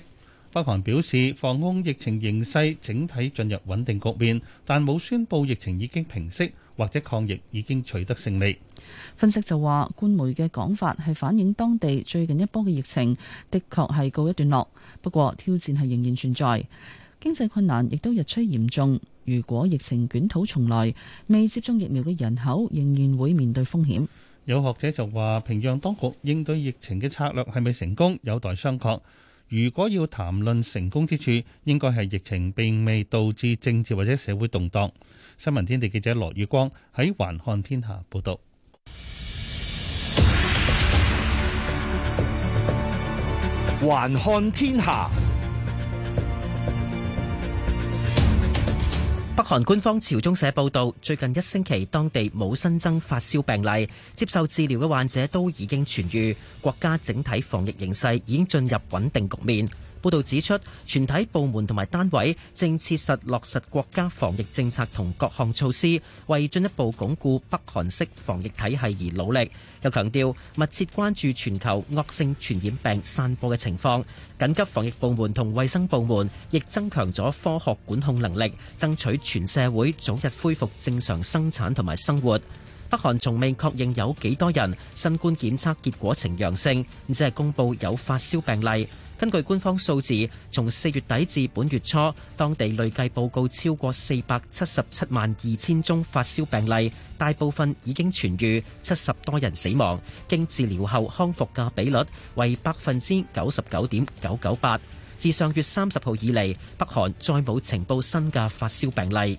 北韓表示，防控疫情形勢整體進入穩定局面，但冇宣布疫情已經平息或者抗疫已經取得勝利。分析就話，官媒嘅講法係反映當地最近一波嘅疫情，的確係告一段落。不過，挑戰係仍然存在，經濟困難亦都日趨嚴重。如果疫情捲土重來，未接種疫苗嘅人口仍然會面對風險。有學者就話，平壤當局應對疫情嘅策略係咪成功，有待商榷。如果要談論成功之處，應該係疫情並未導致政治或者社會動盪。新聞天地記者羅宇光喺環看天下報道。環看天下，北韓官方朝中社報道，最近一星期當地冇新增發燒病例，接受治療嘅患者都已經痊愈，國家整體防疫形勢已經進入穩定局面。報道指出，全體部門同埋單位正切實落實國家防疫政策同各項措施，為進一步鞏固北韓式防疫體系而努力。又強調密切關注全球惡性傳染病散播嘅情況，緊急防疫部門同衛生部門亦增強咗科學管控能力，爭取全社會早日恢復正常生產同埋生活。北韓仲未確認有幾多人新冠檢測結果呈陽性，只係公佈有發燒病例。根據官方數字，從四月底至本月初，當地累計報告超過四百七十七萬二千宗發燒病例，大部分已經痊愈，七十多人死亡。經治療後康復嘅比率為百分之九十九點九九八。自上月三十號以嚟，北韓再冇呈報新嘅發燒病例。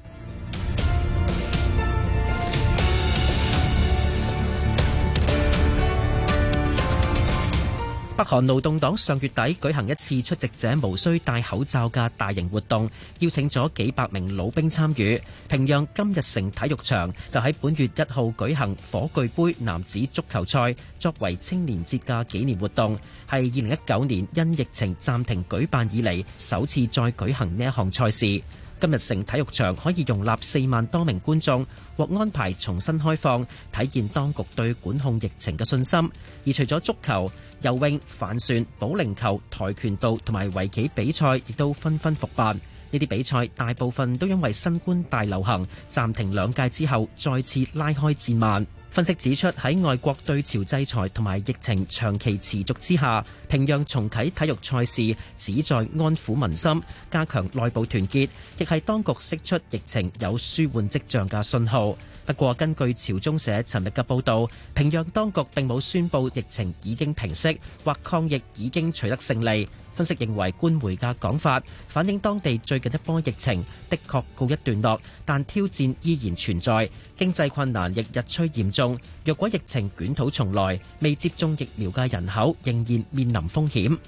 北韓勞動黨上月底舉行一次出席者無需戴口罩嘅大型活動，邀請咗幾百名老兵參與。平壤金日成體育場就喺本月一號舉行火炬杯男子足球賽，作為青年節嘅紀念活動，係二零一九年因疫情暫停舉辦以嚟首次再舉行呢一項賽事。今日成體育場可以容納四萬多名觀眾，獲安排重新開放，體現當局對管控疫情嘅信心。而除咗足球、游泳、帆船、保齡球、跆拳道同埋圍棋比賽，亦都紛紛復辦。呢啲比賽大部分都因為新冠大流行暫停兩屆之後，再次拉開戰幔。分析指出，喺外國對朝制裁同埋疫情長期持續之下，平壤重啟體育賽事，旨在安撫民心、加強內部團結，亦係當局釋出疫情有舒緩跡象嘅信號，不過根據朝中社尋日嘅報道，平壤當局並冇宣布疫情已經平息或抗疫已經取得勝利。分析認為，官媒嘅講法反映當地最近一波疫情的確告一段落，但挑戰依然存在，經濟困難亦日趨嚴重。若果疫情捲土重來，未接種疫苗嘅人口仍然面臨風險。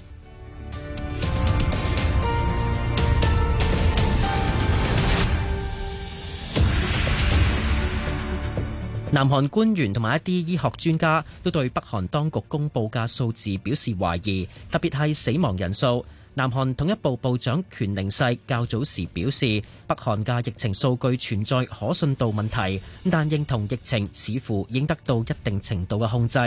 南韓官員同埋一啲醫學專家都對北韓當局公布嘅數字表示懷疑，特別係死亡人數。南韓統一部部長權寧世較早時表示，北韓嘅疫情數據存在可信度問題，但認同疫情似乎已經得到一定程度嘅控制。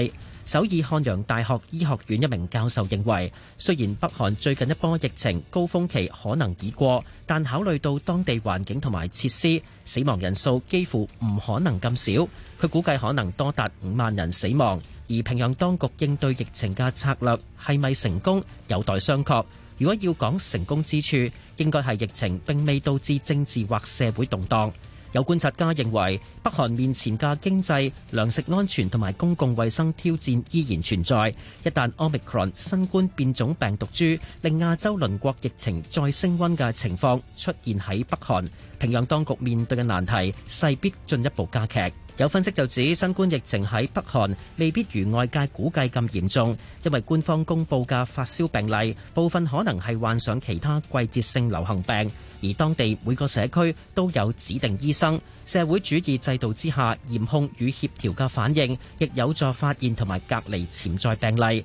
首爾漢陽大學醫學院一名教授認為，雖然北韓最近一波疫情高峰期可能已過，但考慮到當地環境同埋設施，死亡人數幾乎唔可能咁少。佢估計可能多達五萬人死亡。而平壤當局應對疫情嘅策略係咪成功，有待商榷。如果要講成功之處，應該係疫情並未導致政治或社會動盪。有觀察家認為，北韓面前嘅經濟、糧食安全同埋公共衛生挑戰依然存在。一旦 Omicron 新冠變種病毒株令亞洲鄰國疫情再升溫嘅情況出現喺北韓，平壤當局面對嘅難題勢必進一步加劇。有分析就指，新冠疫情喺北韓未必如外界估計咁嚴重，因為官方公布嘅發燒病例部分可能係患上其他季節性流行病，而當地每個社區都有指定醫生，社會主義制度之下嚴控與協調嘅反應，亦有助發現同埋隔離潛在病例。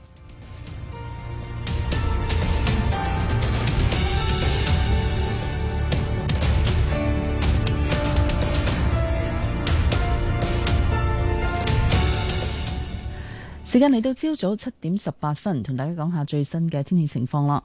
時間嚟到朝早七點十八分，同大家講下最新嘅天氣情況啦。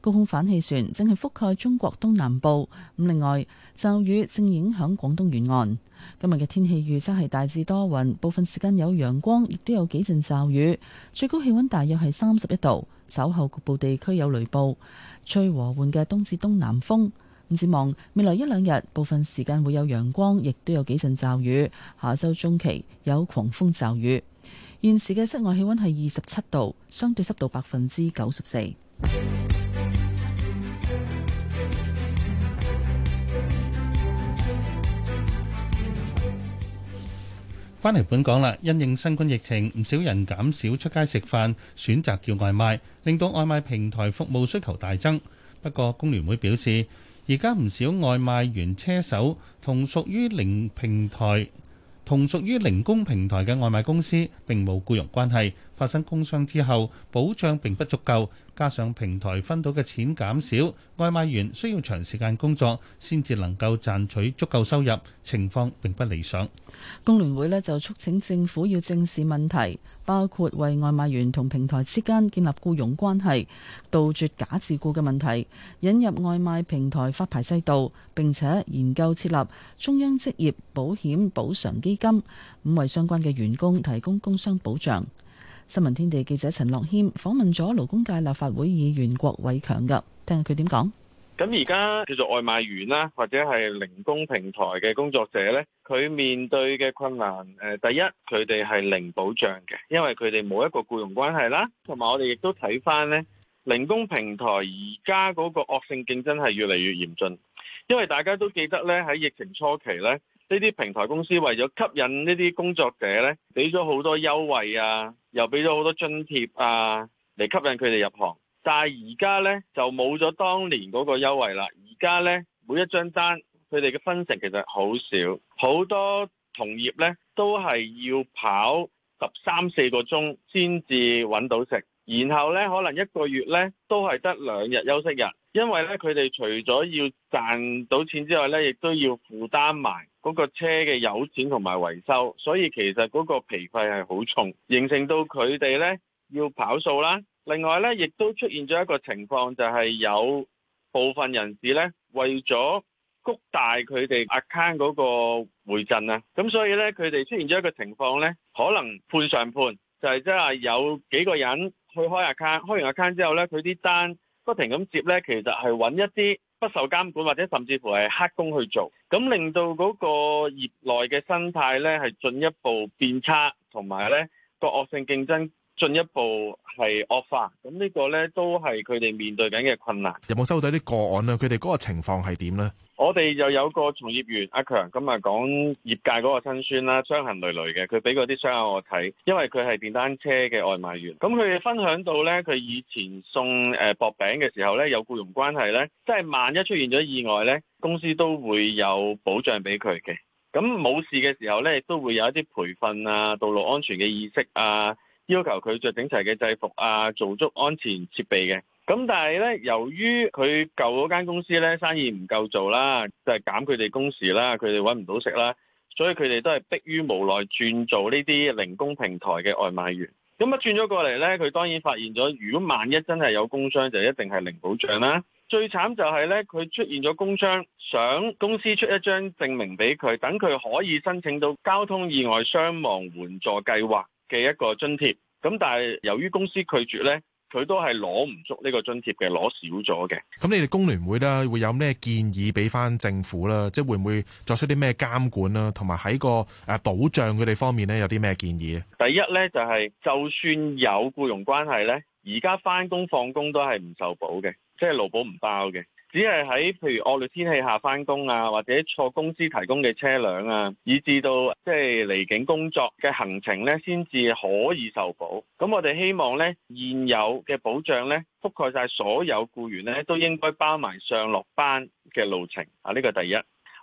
高空反氣旋正係覆蓋中國東南部，咁另外驟雨正影響廣東沿岸。今日嘅天氣預測係大致多雲，部分時間有陽光，亦都有幾陣驟雨。最高氣溫大約係三十一度，稍後局部地區有雷暴，吹和緩嘅東至東南風。展望未來一兩日，部分時間會有陽光，亦都有幾陣驟雨。下周中期有狂風驟雨。現時嘅室外氣溫係二十七度，相對濕度百分之九十四。返嚟本港啦，因應新冠疫情，唔少人減少出街食飯，選擇叫外賣，令到外賣平台服務需求大增。不過，工聯會表示，而家唔少外賣員車手同屬於零平台。同屬於零工平台嘅外賣公司並無僱傭關係，發生工傷之後保障並不足夠，加上平台分到嘅錢減少，外賣員需要長時間工作先至能夠賺取足夠收入，情況並不理想。工聯會呢就促請政府要正視問題。包括為外賣員同平台之間建立僱傭關係，杜絕假自雇嘅問題；引入外賣平台發牌制度，並且研究設立中央職業保險補償基金，咁為相關嘅員工提供工傷保障。新聞天地記者陳樂謙訪問咗勞工界立法會議員郭偉強噶，聽下佢點講。咁而家叫做外賣員啦，或者係零工平台嘅工作者呢，佢面對嘅困難，誒，第一佢哋係零保障嘅，因為佢哋冇一個僱傭關係啦。同埋我哋亦都睇翻呢，零工平台而家嗰個惡性競爭係越嚟越嚴峻，因為大家都記得呢，喺疫情初期呢，呢啲平台公司為咗吸引呢啲工作者呢，俾咗好多優惠啊，又俾咗好多津貼啊，嚟吸引佢哋入行。但係而家呢就冇咗當年嗰個優惠啦，而家呢每一張單。佢哋嘅分成其實好少，好多同業呢都係要跑十三四個鐘先至揾到食，然後呢可能一個月呢都係得兩日休息日，因為呢佢哋除咗要賺到錢之外呢，亦都要負擔埋嗰個車嘅油錢同埋維修，所以其實嗰個皮費係好重，形成到佢哋呢要跑數啦。另外呢，亦都出現咗一個情況，就係有部分人士呢為咗谷大佢哋 account 嗰個回震啊，咁所以咧，佢哋出現咗一個情況咧，可能判上判就係即係有幾個人去開 account，開完 account 之後咧，佢啲單不停咁接咧，其實係揾一啲不受監管或者甚至乎係黑工去做，咁令到嗰個業內嘅生態咧係進一步變差，同埋咧個惡性競爭進一步係惡化，咁呢個咧都係佢哋面對緊嘅困難。有冇收到啲個案啊？佢哋嗰個情況係點咧？我哋就有個從業員阿強，今日講業界嗰個辛酸啦，傷痕累累嘅。佢俾嗰啲傷我睇，因為佢係電單車嘅外賣員。咁佢哋分享到呢，佢以前送誒薄餅嘅時候呢，有僱傭關係呢，即係萬一出現咗意外呢，公司都會有保障俾佢嘅。咁冇事嘅時候呢，都會有一啲培訓啊，道路安全嘅意識啊，要求佢着整齊嘅制服啊，做足安全設備嘅。咁但係咧，由於佢舊嗰間公司咧生意唔夠做啦，就係減佢哋工時啦，佢哋揾唔到食啦，所以佢哋都係逼於無奈轉做呢啲零工平台嘅外賣員。咁啊轉咗過嚟咧，佢當然發現咗，如果萬一真係有工傷，就一定係零保障啦。最慘就係咧，佢出現咗工傷，想公司出一張證明俾佢，等佢可以申請到交通意外傷亡援助計劃嘅一個津貼。咁，嗯，但係由於公司拒絕咧。佢都係攞唔足呢個津貼嘅，攞少咗嘅。咁你哋工聯會咧會有咩建議俾翻政府啦？即係會唔會作出啲咩監管啦？同埋喺個誒保障佢哋方面咧有啲咩建議呢？第一咧就係就算有僱傭關係咧，而家翻工放工都係唔受保嘅，即係勞保唔包嘅。只係喺譬如惡劣天氣下翻工啊，或者坐公司提供嘅車輛啊，以至到即係離境工作嘅行程咧，先至可以受保。咁我哋希望咧，現有嘅保障咧，覆蓋晒所有僱員咧，都應該包埋上落班嘅路程啊。呢個第一。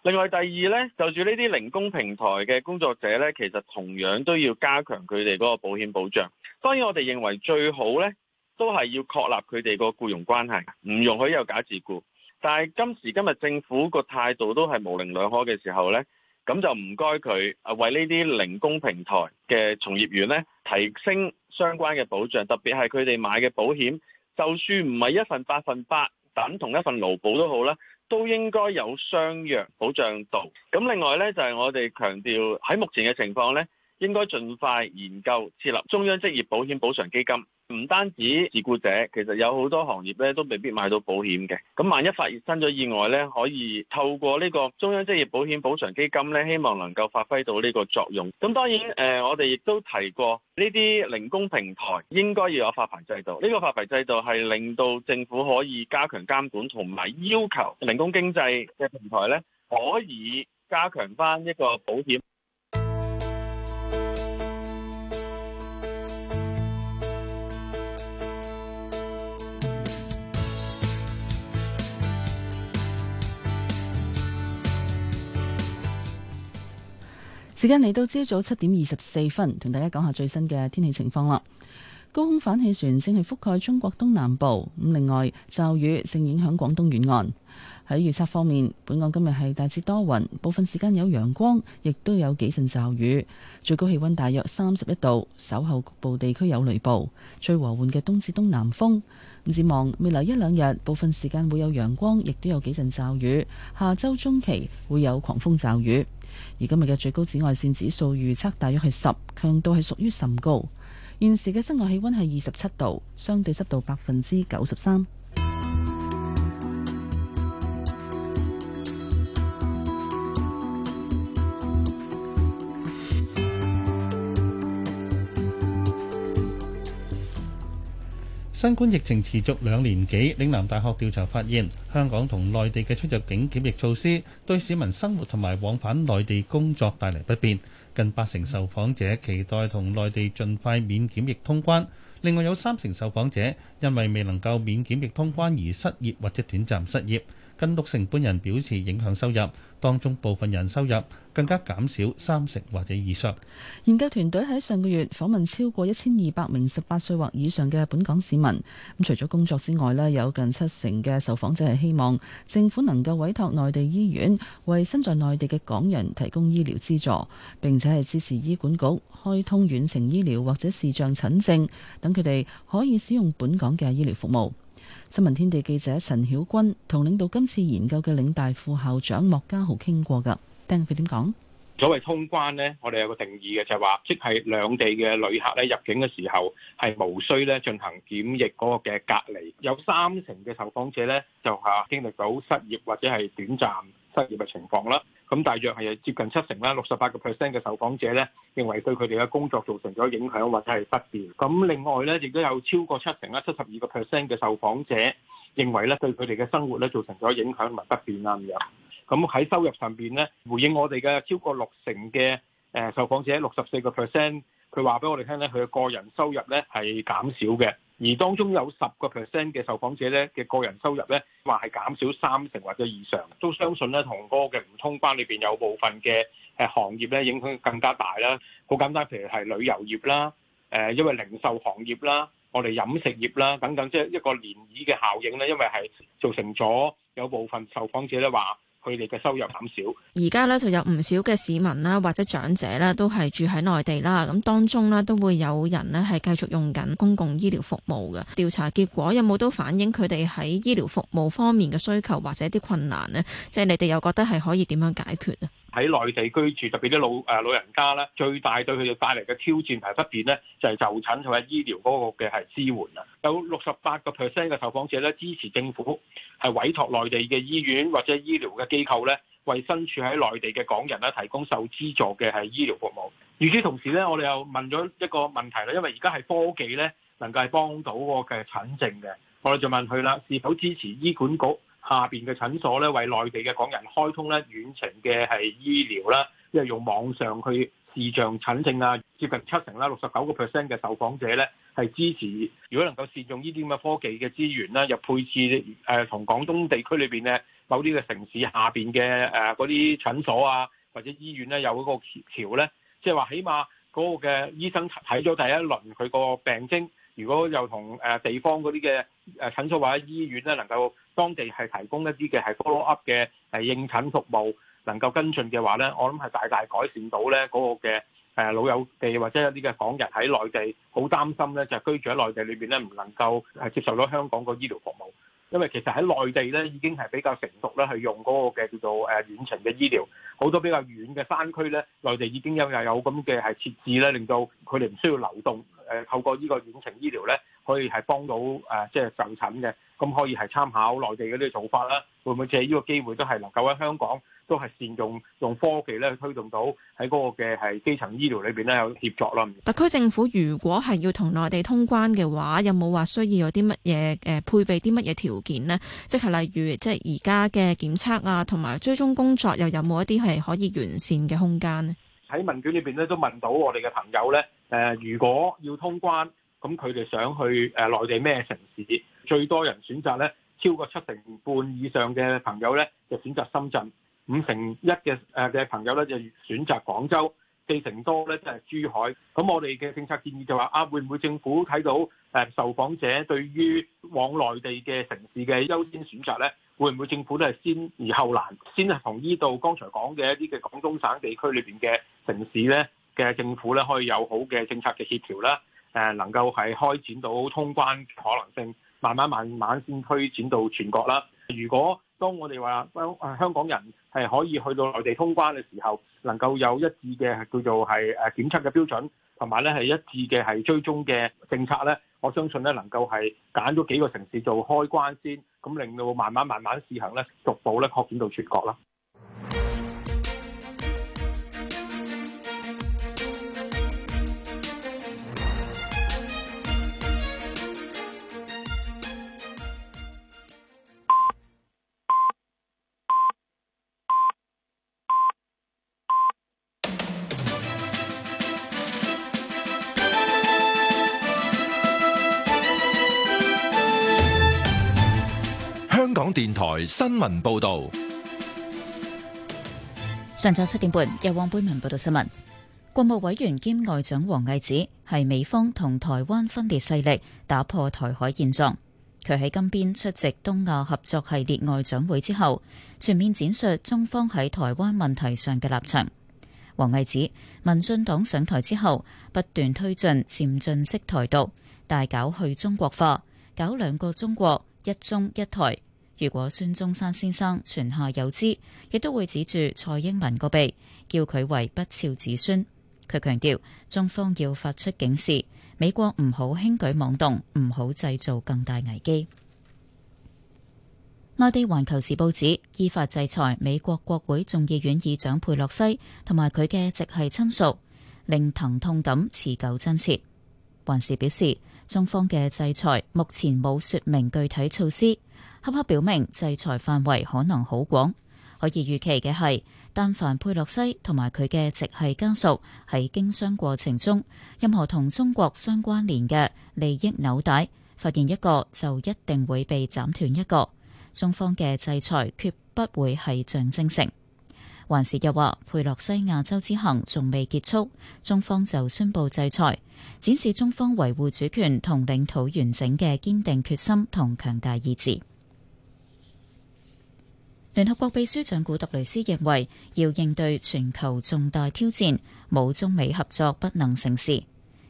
另外第二咧，就住呢啲零工平台嘅工作者咧，其實同樣都要加強佢哋嗰個保險保障。當然我哋認為最好咧，都係要確立佢哋個僱傭關係，唔容許有假自僱。但係今時今日政府個態度都係模棱兩可嘅時候呢，咁就唔該佢啊，為呢啲零工平台嘅從業員呢提升相關嘅保障，特別係佢哋買嘅保險，就算唔係一份百分百等同一份勞保都好啦，都應該有相若保障度。咁另外呢，就係、是、我哋強調喺目前嘅情況呢，應該盡快研究設立中央職業保險補償基金。唔單止自雇者，其實有好多行業咧都未必買到保險嘅。咁萬一發生咗意外咧，可以透過呢個中央職業保險補償基金咧，希望能夠發揮到呢個作用。咁當然誒，我哋亦都提過呢啲零工平台應該要有發牌制度。呢個發牌制度係令到政府可以加強監管，同埋要求零工經濟嘅平台咧，可以加強翻一個保險。時間嚟到朝早七點二十四分，同大家講下最新嘅天氣情況啦。高空反氣旋正係覆蓋中國東南部，咁另外驟雨正影響廣東沿岸。喺預測方面，本港今日係大致多雲，部分時間有陽光，亦都有幾陣驟雨，最高氣溫大約三十一度，稍後局部地區有雷暴，吹和緩嘅東至東南風。展望未來一兩日，部分時間會有陽光，亦都有幾陣驟雨，下周中期會有狂風驟雨。而今日嘅最高紫外線指數預測大約係十，強度係屬於甚高。現時嘅室外氣溫係二十七度，相對濕度百分之九十三。新冠疫情持續兩年幾，嶺南大學調查發現，香港同內地嘅出入境檢疫措施對市民生活同埋往返內地工作帶嚟不便。近八成受訪者期待同內地盡快免檢疫通關，另外有三成受訪者因為未能夠免檢疫通關而失業或者短暫失業。近六成半人表示影響收入，當中部分人收入更加減少三成或者以上。研究團隊喺上個月訪問超過一千二百名十八歲或以上嘅本港市民，咁除咗工作之外咧，有近七成嘅受訪者係希望政府能夠委託內地醫院為身在內地嘅港人提供醫療資助，並且係支持醫管局開通遠程醫療或者視像診症，等佢哋可以使用本港嘅醫療服務。新聞天地記者陳曉君同領導今次研究嘅嶺大副校長莫家豪傾過噶，聽佢點講？所謂通關呢，我哋有個定義嘅，就係話即係兩地嘅旅客咧入境嘅時候係無需咧進行檢疫嗰個嘅隔離。有三成嘅受訪者呢，就吓經歷到失業或者係短暫失業嘅情況啦。咁大約係接近七成啦，六十八個 percent 嘅受訪者咧，認為對佢哋嘅工作造成咗影響或者係不便。咁另外咧，亦都有超過七成啦，七十二個 percent 嘅受訪者認為咧，對佢哋嘅生活咧造成咗影響同埋不便啦咁樣。咁喺收入上邊咧，回應我哋嘅超過六成嘅誒受訪者，六十四個 percent，佢話俾我哋聽咧，佢嘅個人收入咧係減少嘅。而當中有十個 percent 嘅受訪者咧嘅個人收入咧話係減少三成或者以上，都相信咧同個嘅唔通關裏邊有部分嘅誒行業咧影響更加大啦。好簡單，譬如係旅遊業啦，誒、呃、因為零售行業啦，我哋飲食業啦等等，即係一個漣漪嘅效應咧，因為係造成咗有部分受訪者咧話。佢哋嘅收入減少，而家咧就有唔少嘅市民啦，或者長者啦，都係住喺內地啦。咁當中咧都會有人呢係繼續用緊公共醫療服務嘅。調查結果有冇都反映佢哋喺醫療服務方面嘅需求或者啲困難呢，即係你哋又覺得係可以點樣解決啊？喺內地居住，特別啲老誒老人家咧，最大對佢哋帶嚟嘅挑戰同埋不便咧，就係就診同埋醫療嗰個嘅係支援啊！有六十八個 percent 嘅受訪者咧支持政府係委託內地嘅醫院或者醫療嘅機構咧，為身處喺內地嘅港人咧提供受資助嘅係醫療服務。與此同時咧，我哋又問咗一個問題啦，因為而家係科技咧能夠係幫到個嘅診症嘅，我哋就問佢啦，是否支持醫管局下邊嘅診所咧，為內地嘅港人開通咧遠程嘅係醫療啦，即係用網上去視像診症啊。接近七成啦，六十九個 percent 嘅受訪者咧係支持，如果能夠善用呢啲咁嘅科技嘅資源啦，又配置誒、呃、同廣東地區裏邊嘅某啲嘅城市下邊嘅誒嗰啲診所啊或者醫院咧有嗰個橋橋咧，即係話起碼嗰個嘅醫生睇咗第一輪佢個病徵，如果又同誒地方嗰啲嘅誒診所或者醫院咧能夠。當地係提供一啲嘅係 follow up 嘅係應診服務，能夠跟進嘅話咧，我諗係大大改善到咧嗰個嘅誒老友記或者一啲嘅港人喺內地好擔心咧，就居住喺內地裏邊咧，唔能夠係接受到香港個醫療服務，因為其實喺內地咧已經係比較成熟咧，係用嗰個嘅叫做誒遠程嘅醫療，好多比較遠嘅山區咧，內地已經有有咁嘅係設置咧，令到佢哋唔需要流動。誒透過呢個遠程醫療咧，可以係幫到誒即係診診嘅，咁可以係參考內地嗰啲做法啦。會唔會借呢個機會都係能夠喺香港都係善用用科技咧去推動到喺嗰個嘅係基層醫療裏邊咧有協助啦。特區政府如果係要同內地通關嘅話，有冇話需要有啲乜嘢誒配備啲乜嘢條件呢？即係例如即係而家嘅檢測啊，同埋追蹤工作，又有冇一啲係可以完善嘅空間呢？喺問卷裏邊咧都問到我哋嘅朋友咧。誒，如果要通關，咁佢哋想去誒內地咩城市最多人選擇咧？超過七成半以上嘅朋友咧，就選擇深圳；五成一嘅誒嘅朋友咧，就選擇廣州；四成多咧，即係珠海。咁我哋嘅政策建議就話：啊，會唔會政府睇到誒受訪者對於往內地嘅城市嘅優先選擇咧？會唔會政府都係先而後難，先係同呢度剛才講嘅一啲嘅廣東省地區裏邊嘅城市咧？嘅政府咧，可以有好嘅政策嘅協調啦，誒能夠係開展到通關可能性，慢慢慢慢先推展到全國啦。如果當我哋話香港人係可以去到內地通關嘅時候，能夠有一致嘅叫做係誒檢測嘅標準，同埋咧係一致嘅係追蹤嘅政策咧，我相信咧能夠係揀咗幾個城市做開關先，咁令到慢慢慢慢試行咧，逐步咧擴展到全國啦。電台新聞報道，上晝七點半，有汪貝文報道新聞。國務委員兼外長王毅指係美方同台灣分裂勢力打破台海現狀。佢喺金邊出席東亞合作系列外長會之後，全面展述中方喺台灣問題上嘅立場。王毅指：「民進黨上台之後，不斷推進漸進式台獨，大搞去中國化，搞兩個中國，一中一台。如果孫中山先生泉下有知，亦都會指住蔡英文個鼻，叫佢為不肖子孫。佢強調，中方要發出警示，美國唔好輕舉妄動，唔好製造更大危機。內地《環球時報》指，依法制裁美國國會眾議院議長佩洛西同埋佢嘅直系親屬，令疼痛感持久真切。環時表示，中方嘅制裁目前冇説明具體措施。恰恰表明制裁範圍可能好廣，可以預期嘅係，但凡佩洛西同埋佢嘅直系家屬喺經商過程中，任何同中國相關聯嘅利益紐帶，發現一個就一定會被斬斷一個，中方嘅制裁決不會係象徵性。還是又話佩洛西亞洲之行仲未結束，中方就宣佈制裁，展示中方維護主權同領土完整嘅堅定決心同強大意志。聯合國秘書長古特雷斯認為，要應對全球重大挑戰，冇中美合作不能成事。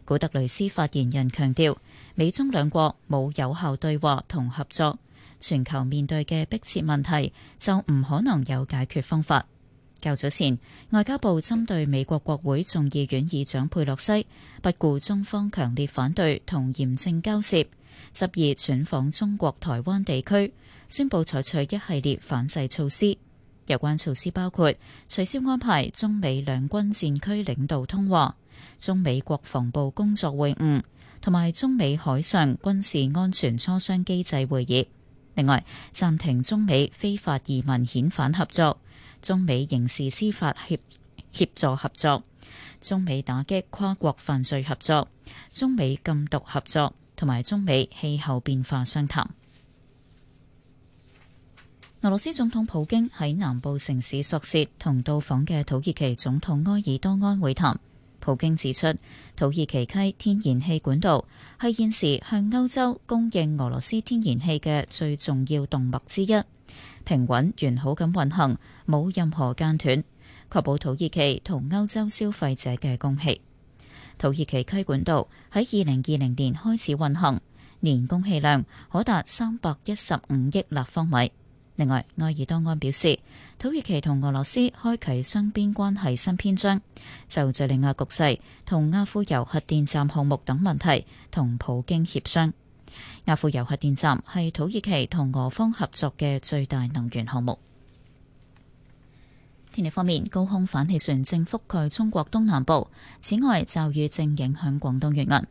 古特雷斯發言人強調，美中兩國冇有，有效對話同合作，全球面對嘅迫切問題就唔可能有解決方法。較早前，外交部針對美國國會眾議院議長佩洛西，不顧中方強烈反對同嚴正交涉，執意竄訪中國台灣地區，宣布採取一系列反制措施，有關措施包括取消安排中美兩軍戰區領導通話、中美國防部工作會晤，同埋中美海上軍事安全磋商機制會議，另外，暫停中美非法移民遣返返合作、中美刑事司法協協助合作、中美打擊跨國犯罪合作、中美禁毒合作同埋中美氣候變化商談。俄羅斯總統普京喺南部城市索契同到訪嘅土耳其總統埃爾多安會談。普京指出，土耳其溪天然氣管道係現時向歐洲供應俄羅斯天然氣嘅最重要動脈之一，平穩完好咁運行，冇任何間斷，確保土耳其同歐洲消費者嘅供氣。土耳其溪管道喺二零二零年開始運行，年供氣量可達三百一十五億立方米。另外，埃爾多安表示，土耳其同俄羅斯開啟雙邊關係新篇章，就敘利亞局勢、同阿夫尤核電站項目等問題同普京協商。阿夫尤核電站係土耳其同俄方合作嘅最大能源項目。天氣方面，高空反氣旋正覆蓋中國東南部，此外，驟雨正影響廣東沿岸。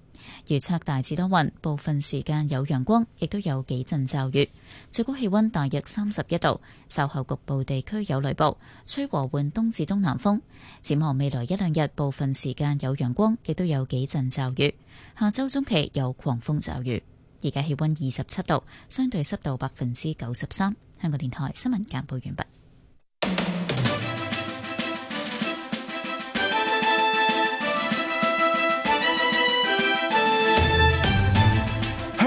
預測大致多雲，部分時間有陽光，亦都有幾陣驟雨。最高氣溫大約三十一度，稍後局部地區有雷暴，吹和緩東至東南風。展望未來一兩日，部分時間有陽光，亦都有幾陣驟雨。下周中期有狂風驟雨。而家氣溫二十七度，相對濕度百分之九十三。香港電台新聞簡報完畢。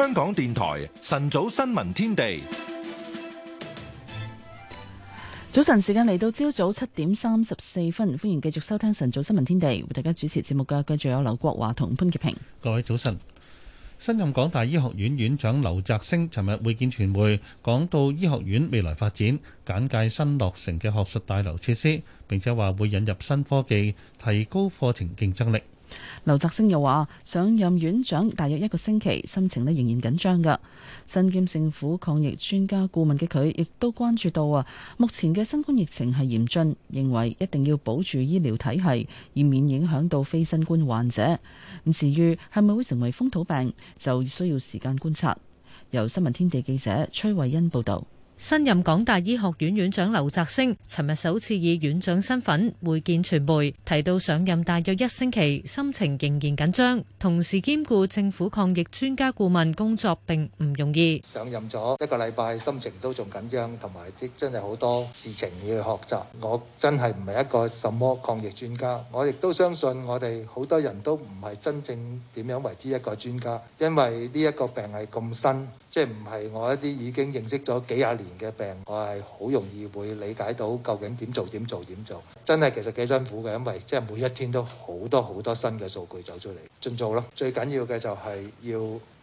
香港電台晨早新聞天地，早晨時間嚟到朝早七點三十四分，歡迎繼續收聽晨早新聞天地，為大家主持節目嘅繼續有劉國華同潘潔平。各位早晨，新任港大醫學院院長劉澤星尋日會見傳媒，講到醫學院未來發展，簡介新落成嘅學術大樓設施，並且話會引入新科技，提高課程競爭力。劉澤星又話：上任院長大約一個星期，心情咧,仍然緊張噶身兼政府抗疫專家顧問嘅佢，亦都關注到啊，目前嘅新冠疫情係嚴峻，認為一定要保住醫療體系，以免影響到非新冠患者。咁至於係咪會成為風土病，就需要時間觀察。由新聞天地記者崔慧欣報道。新任港大醫學院院長劉澤星，尋日首次以院長身份會見傳媒，提到上任大約一星期，心情仍然緊張，同時兼顧政府抗疫專家顧問工作並唔容易。上任咗一個禮拜，心情都仲緊張，同埋即真係好多事情要學習，我真係唔係一個什麼抗疫專家，我亦都相信我哋好多人都唔係真正點樣為之一個專家，因為呢一個病係咁新。即係唔係我一啲已經認識咗幾廿年嘅病，我係好容易會理解到究竟點做、點做、點做。真係其實幾辛苦嘅，因為即係每一天都好多好多新嘅數據走出嚟，進做咯。最緊要嘅就係要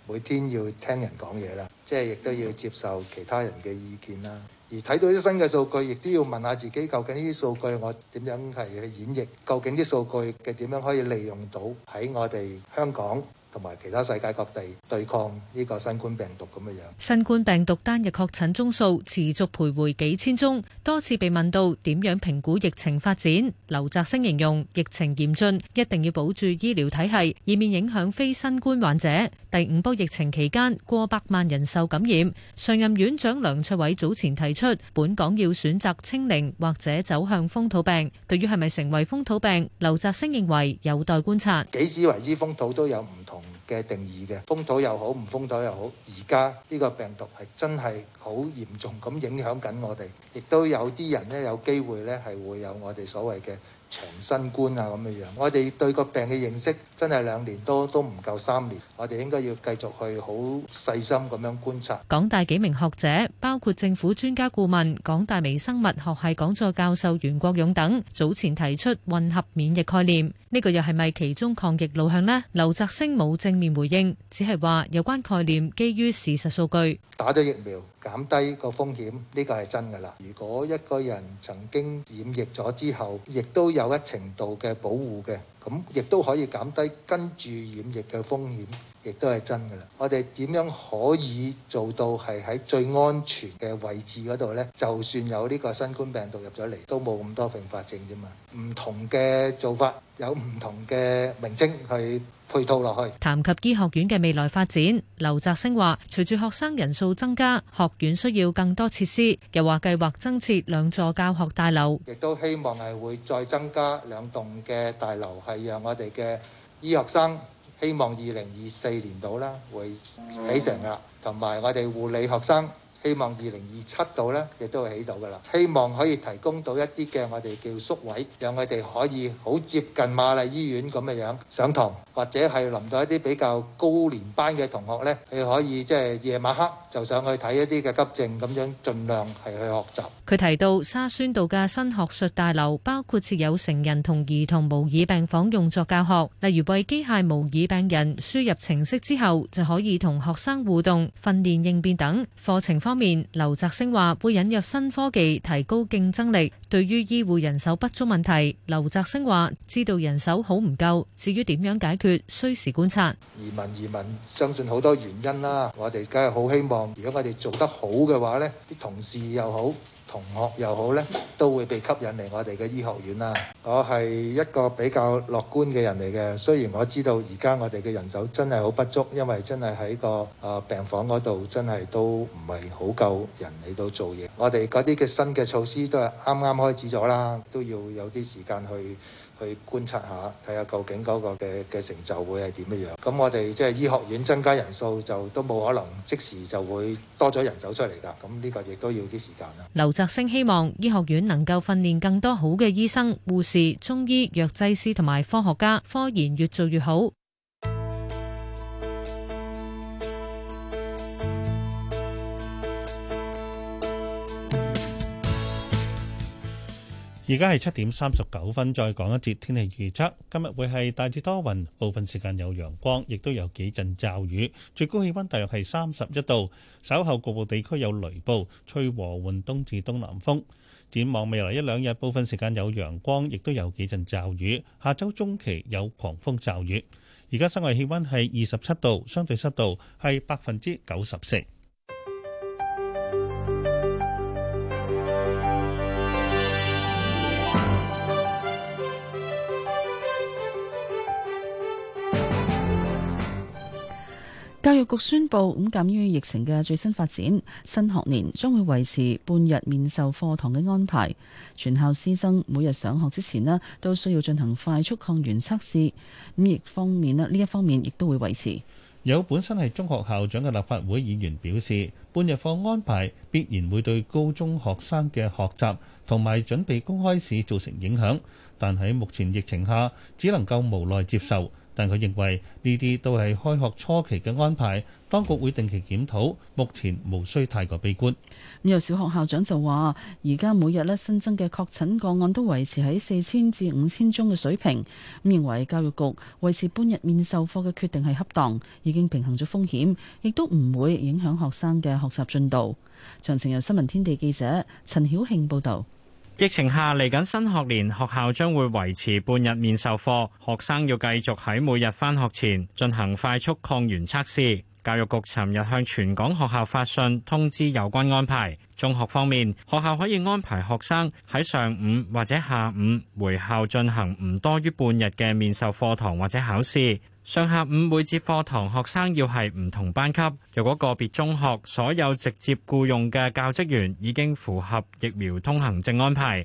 每天要聽人講嘢啦，即係亦都要接受其他人嘅意見啦。而睇到啲新嘅數據，亦都要問下自己究竟呢啲數據我點樣係去演繹？究竟啲數據嘅點樣可以利用到喺我哋香港？同埋其他世界各地對抗呢個新冠病毒咁嘅樣。新冠病毒單日確診宗數持續徘徊幾千宗，多次被問到點樣評估疫情發展。劉澤星形容疫情嚴峻，一定要保住醫療體系，以免影響非新冠患者。第五波疫情期間過百萬人受感染。上任院長梁卓偉早前提出，本港要選擇清零或者走向風土病。對於係咪成為風土病，劉澤星認為有待觀察。幾時為之風土都有唔同嘅定義嘅，風土又好唔風土又好。而家呢個病毒係真係好嚴重，咁影響緊我哋，亦都有啲人咧有機會咧係會有我哋所謂嘅。長身觀啊咁樣，我哋對個病嘅認識真係兩年多都唔夠三年，我哋應該要繼續去好細心咁樣觀察。港大幾名學者，包括政府專家顧問、港大微生物學系講座教授袁國勇等，早前提出混合免疫概念，呢個又係咪其中抗疫路向呢？劉澤星冇正面回應，只係話有關概念基於事實數據，打咗疫苗。減低個風險，呢個係真噶啦。如果一個人曾經染疫咗之後，亦都有一程度嘅保護嘅。咁亦都可以減低跟住染疫嘅風險，亦都係真㗎啦。我哋點樣可以做到係喺最安全嘅位置嗰度咧？就算有呢個新冠病毒入咗嚟，都冇咁多併發症啫嘛。唔同嘅做法有唔同嘅名稱去配套落去。談及醫學院嘅未來發展，劉澤星話隨住學生人數增加，學院需要更多設施。又話計劃增設兩座教學大樓，亦都希望係會再增加兩棟嘅大樓係。讓我哋嘅醫學生希望二零二四年度啦會起成噶啦，同埋我哋護理學生。希望二零二七度咧，亦都會起到噶啦。希望可以提供到一啲嘅我哋叫宿位，讓我哋可以好接近瑪麗醫院咁嘅樣上堂，或者係臨到一啲比較高年班嘅同學咧，佢可以即係夜晚黑就上去睇一啲嘅急症咁樣，盡量係去學習。佢提到沙宣道嘅新學術大樓包括設有成人同兒童模擬病房，用作教學，例如為機械模擬病人輸入程式之後，就可以同學生互動、訓練應變等課程方方面，劉澤星話會引入新科技提高競爭力。對於醫護人手不足問題，劉澤星話知道人手好唔夠，至於點樣解決，需時觀察。移民移民，相信好多原因啦。我哋梗係好希望，如果我哋做得好嘅話，呢啲同事又好。同學又好呢，都會被吸引嚟我哋嘅醫學院啦。我係一個比較樂觀嘅人嚟嘅，雖然我知道而家我哋嘅人手真係好不足，因為真係喺個啊、呃、病房嗰度真係都唔係好夠人嚟到做嘢。我哋嗰啲嘅新嘅措施都係啱啱開始咗啦，都要有啲時間去。去觀察下，睇下究竟嗰個嘅嘅成就會係點樣樣。咁我哋即係醫學院增加人數，就都冇可能即時就會多咗人手出嚟㗎。咁呢個亦都要啲時間啦。劉澤星希望醫學院能夠訓練更多好嘅醫生、護士、中醫、藥劑師同埋科學家，科研越做越好。而家係七點三十九分，再講一節天氣預測。今日會係大致多雲，部分時間有陽光，亦都有幾陣驟雨。最高氣溫大約係三十一度，稍後局部地區有雷暴，吹和緩東至東南風。展望未來一兩日，部分時間有陽光，亦都有幾陣驟雨。下周中期有狂風驟雨。而家室外氣溫係二十七度，相對濕度係百分之九十四。教育局宣布，咁鑒於疫情嘅最新發展，新學年將會維持半日面授課堂嘅安排。全校師生每日上學之前呢，都需要進行快速抗原測試，咁亦方面呢，呢一方面亦都會維持。有本身係中學校長嘅立法會議員表示，半日課安排必然會對高中學生嘅學習同埋準備公開試造成影響，但喺目前疫情下，只能夠無奈接受。但佢認為呢啲都係開學初期嘅安排，當局會定期檢討，目前無需太過悲觀。咁有小學校長就話，而家每日咧新增嘅確診個案都維持喺四千至五千宗嘅水平，咁認為教育局維持半日面授課嘅決定係恰當，已經平衡咗風險，亦都唔會影響學生嘅學習進度。詳情由新聞天地記者陳曉慶報道。疫情下嚟緊新學年，學校將會維持半日面授課，學生要繼續喺每日返學前進行快速抗原測試。教育局尋日向全港學校發信通知有關安排。中學方面，學校可以安排學生喺上午或者下午回校進行唔多於半日嘅面授課堂或者考試。上下午每節課堂，學生要係唔同班級。如果個別中學所有直接僱用嘅教職員已經符合疫苗通行證安排，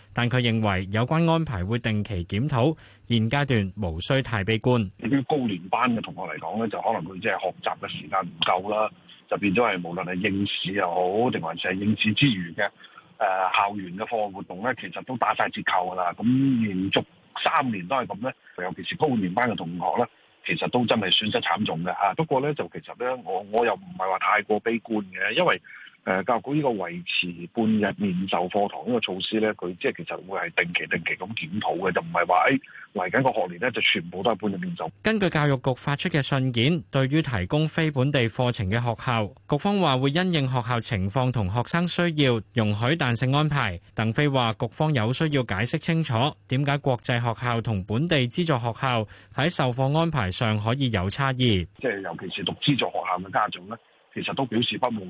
但佢認為有關安排會定期檢討，現階段無需太悲觀。對於高年班嘅同學嚟講咧，就可能佢即係學習嘅時間唔夠啦，就變咗係無論係應試又好，定還是係應試之餘嘅誒校園嘅課外活動咧，其實都打晒折扣噶啦。咁連續三年都係咁咧，尤其是高年班嘅同學咧，其實都真係損失慘重嘅嚇。不過咧，就其實咧，我我又唔係話太過悲觀嘅，因為。誒教育局呢個維持半日面授課堂呢個措施呢，佢即係其實會係定期定期咁檢討嘅，就唔係話誒嚟緊個學年呢，就全部都係半日面授。根據教育局發出嘅信件，對於提供非本地課程嘅學校，局方話會因應學校情況同學生需要，容許彈性安排。鄧飛話局方有需要解釋清楚點解國際學校同本地資助學校喺授課安排上可以有差異。即係尤其是讀資助學校嘅家長呢。其實都表示不滿，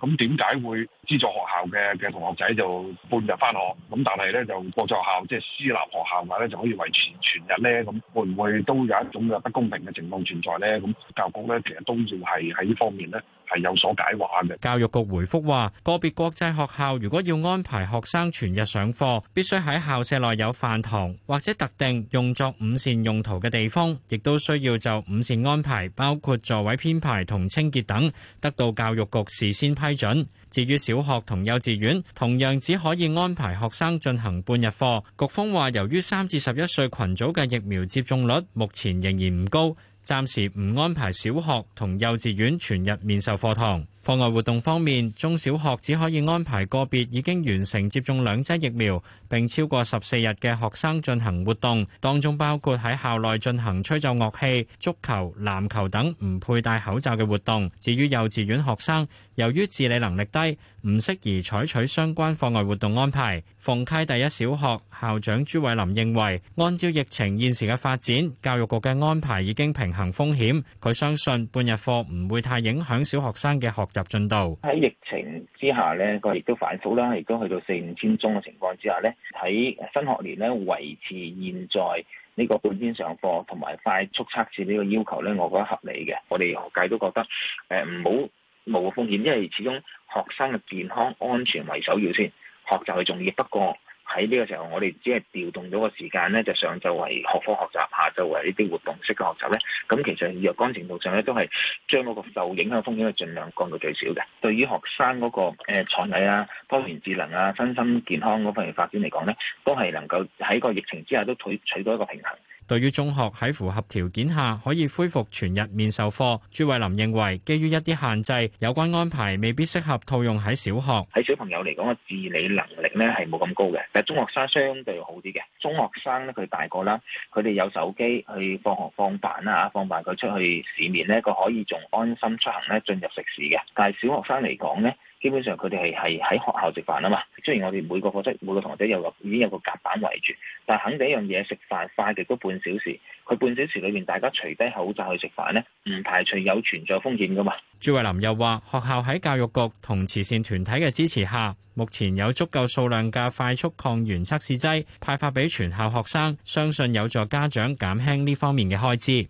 咁點解會資助學校嘅嘅同學仔就半日返學，咁但係咧就國際學校，即、就、係、是、私立學校話咧就可以維持全，全日咧，咁會唔會都有一種嘅不公平嘅情況存在咧？咁教育局咧其實都要係喺呢方面咧。係有所解話嘅。教育局回覆話，個別國際學校如果要安排學生全日上課，必須喺校舍內有飯堂或者特定用作午膳用途嘅地方，亦都需要就午膳安排，包括座位編排同清潔等，得到教育局事先批准。至於小學同幼稚園，同樣只可以安排學生進行半日課。局方話，由於三至十一歲群組嘅疫苗接種率目前仍然唔高。暫時唔安排小學同幼稚園全日面授課堂。課外活動方面，中小學只可以安排個別已經完成接種兩劑疫苗並超過十四日嘅學生進行活動，當中包括喺校內進行吹奏樂器、足球、籃球等唔佩戴口罩嘅活動。至於幼稚園學生，由於自理能力低，唔適宜採取相關課外活動安排。鳳溪第一小學校長朱偉林認為，按照疫情現時嘅發展，教育局嘅安排已經平衡風險。佢相信半日課唔會太影響小學生嘅學習進度。喺疫情之下呢個亦都反覆啦，亦都去到四五千宗嘅情況之下呢，喺新學年呢，維持現在呢個半天上課同埋快速測試呢個要求呢，我覺得合理嘅。我哋學界都覺得誒唔好。呃冇風險，因為始終學生嘅健康安全為首要先，學習係重要。不過喺呢個時候，我哋只係調動咗個時間呢，就上晝為學科學習，下晝為呢啲活動式嘅學習呢，咁其實若干程度上呢，都係將嗰個受影響風險係盡量降到最少嘅。對於學生嗰個誒才藝啊、多元智能啊、身心健康嗰方面發展嚟講呢，都係能夠喺個疫情之下都取取到一個平衡。對於中學喺符合條件下可以恢復全日面授課，朱慧琳認為，基於一啲限制，有關安排未必適合套用喺小學。喺小朋友嚟講嘅自理能力咧，係冇咁高嘅。但係中學生相對好啲嘅，中學生咧，佢大個啦，佢哋有手機去放學放飯啦，放飯佢出去市面咧，佢可以仲安心出行咧，進入食肆嘅。但係小學生嚟講咧。基本上佢哋係係喺學校食飯啊嘛，雖然我哋每個課室，每個同學仔有個已經有個夾板圍住，但係肯定一樣嘢食飯快極都半小時，佢半小時裏邊大家除低口罩去食飯咧，唔排除有存在風險噶嘛。朱慧琳又話，學校喺教育局同慈善團體嘅支持下，目前有足夠數量嘅快速抗原測試劑派發俾全校學生，相信有助家長減輕呢方面嘅開支。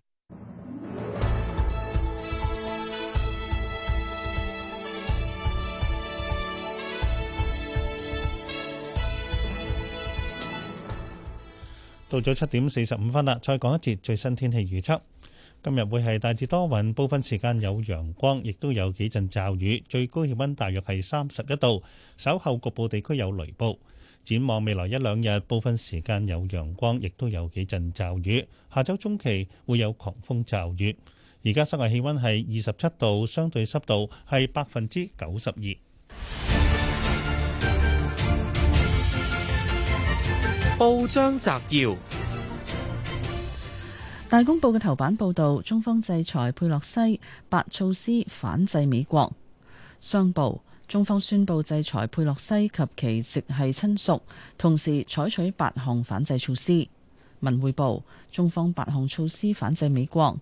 到咗七點四十五分啦，再講一節最新天氣預測。今日會係大致多雲，部分時間有陽光，亦都有幾陣驟雨，最高氣溫大約係三十一度，稍後局部地區有雷暴。展望未來一兩日，部分時間有陽光，亦都有幾陣驟雨。下周中期會有狂風驟雨。而家室外氣溫係二十七度，相對濕度係百分之九十二。報章摘要：大公報嘅頭版報道，中方制裁佩洛西，八措施反制美國。商報：中方宣布制裁佩洛西及其直係親屬，同時採取八項反制措施。文匯報：中方八項措施反制美國。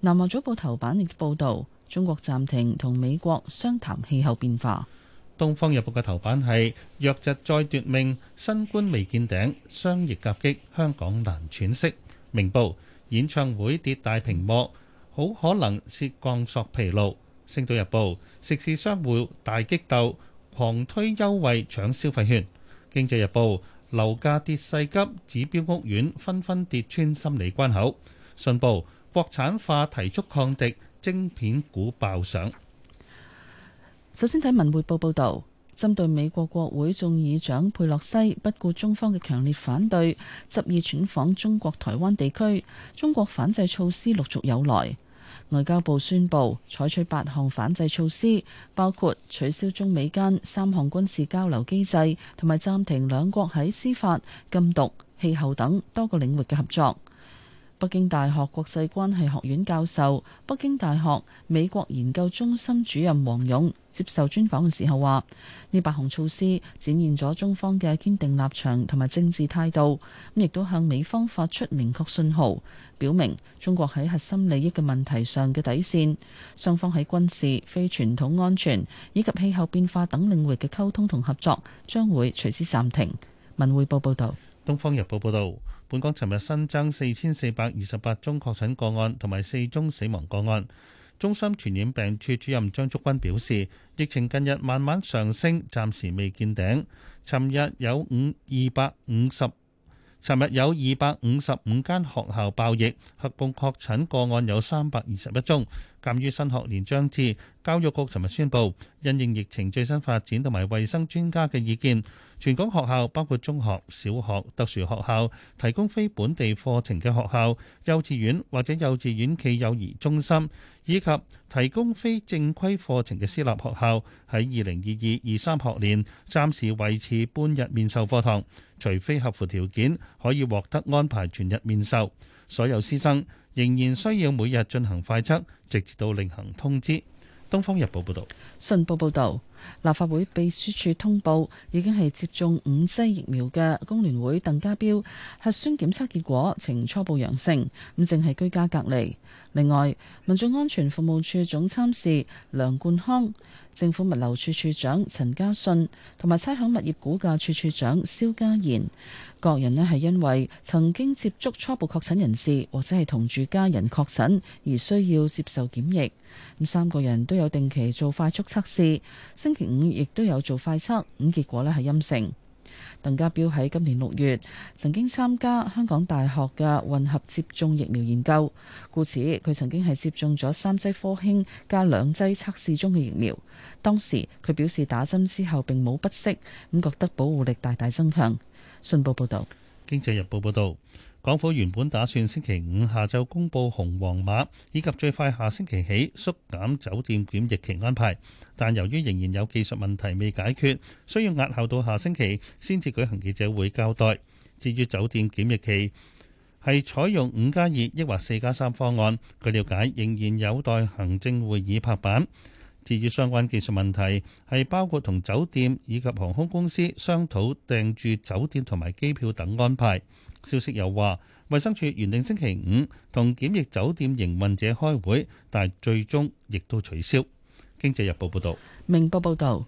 南華早報頭版亦報道，中國暫停同美國商談氣候變化。《東方日報》嘅頭版係弱疾再奪命，新冠未見頂，商業夾擊，香港難喘息。《明報》演唱會跌大屏幕，好可能涉鋼索疲勞。《星島日報》食肆商戶大激鬥，狂推優惠搶消費券。《經濟日報》樓價跌勢急，指標屋苑紛紛跌穿心理關口。《信報》國產化提速抗敵，晶片股爆上。首先睇文匯報報道，針對美國國會眾議長佩洛西不顧中方嘅強烈反對，執意竄訪中國台灣地區，中國反制措施陸續有來。外交部宣布採取八項反制措施，包括取消中美間三項軍事交流機制，同埋暫停兩國喺司法、禁毒、氣候等多個領域嘅合作。北京大學國際關係學院教授、北京大學美國研究中心主任王勇接受專訪嘅時候話：呢八項措施展現咗中方嘅堅定立場同埋政治態度，咁亦都向美方發出明確信號，表明中國喺核心利益嘅問題上嘅底線。雙方喺軍事、非傳統安全以及氣候變化等領域嘅溝通同合作將會隨之暫停。文匯報報道，東方日報報道。本港尋日新增四千四百二十八宗確診個案，同埋四宗死亡個案。中心傳染病處主任張竹君表示，疫情近日慢慢上升，暫時未見頂。尋日有五二百五十，尋日有二百五十五間學校爆疫，合共確診個案有三百二十一宗。鑑於新學年將至，教育局尋日宣布，因應疫情最新發展同埋衞生專家嘅意見。全港學校包括中學、小學、特殊學校、提供非本地課程嘅學校、幼稚園或者幼稚園企幼兒中心，以及提供非正規課程嘅私立學校，喺二零二二二三學年暫時維持半日面授課堂，除非合乎條件可以獲得安排全日面授。所有師生仍然需要每日進行快測，直至到另行通知。《東方日報》報道。《信報》報導。立法會秘書處通報，已經係接種五劑疫苗嘅工聯會鄧家彪核酸檢測結果呈初步陽性，咁淨係居家隔離。另外，民眾安全服務處總參事梁冠康、政府物流處處長陳家信同埋差餉物業估價處處長蕭嘉賢，各人咧係因為曾經接觸初步確診人士或者係同住家人確診而需要接受檢疫。咁三個人都有定期做快速測試，星期五亦都有做快測，咁結果咧係陰性。鄧家彪喺今年六月曾經參加香港大學嘅混合接種疫苗研究，故此佢曾經係接種咗三劑科興加兩劑測試中嘅疫苗。當時佢表示打針之後並冇不適，咁覺得保護力大大增強。信報報道，《經濟日報》報道。港府原本打算星期五下晝公布紅黃碼，以及最快下星期起縮減酒店檢疫期安排，但由於仍然有技術問題未解決，需要押後到下星期先至舉行記者會交代。至於酒店檢疫期係採用五加二抑或四加三方案，據瞭解仍然有待行政會議拍板。至於相關技術問題係包括同酒店以及航空公司商討訂住酒店同埋機票等安排。消息又話，衛生署原定星期五同檢疫酒店營運者開會，但最終亦都取消。經濟日報報道：明報報道，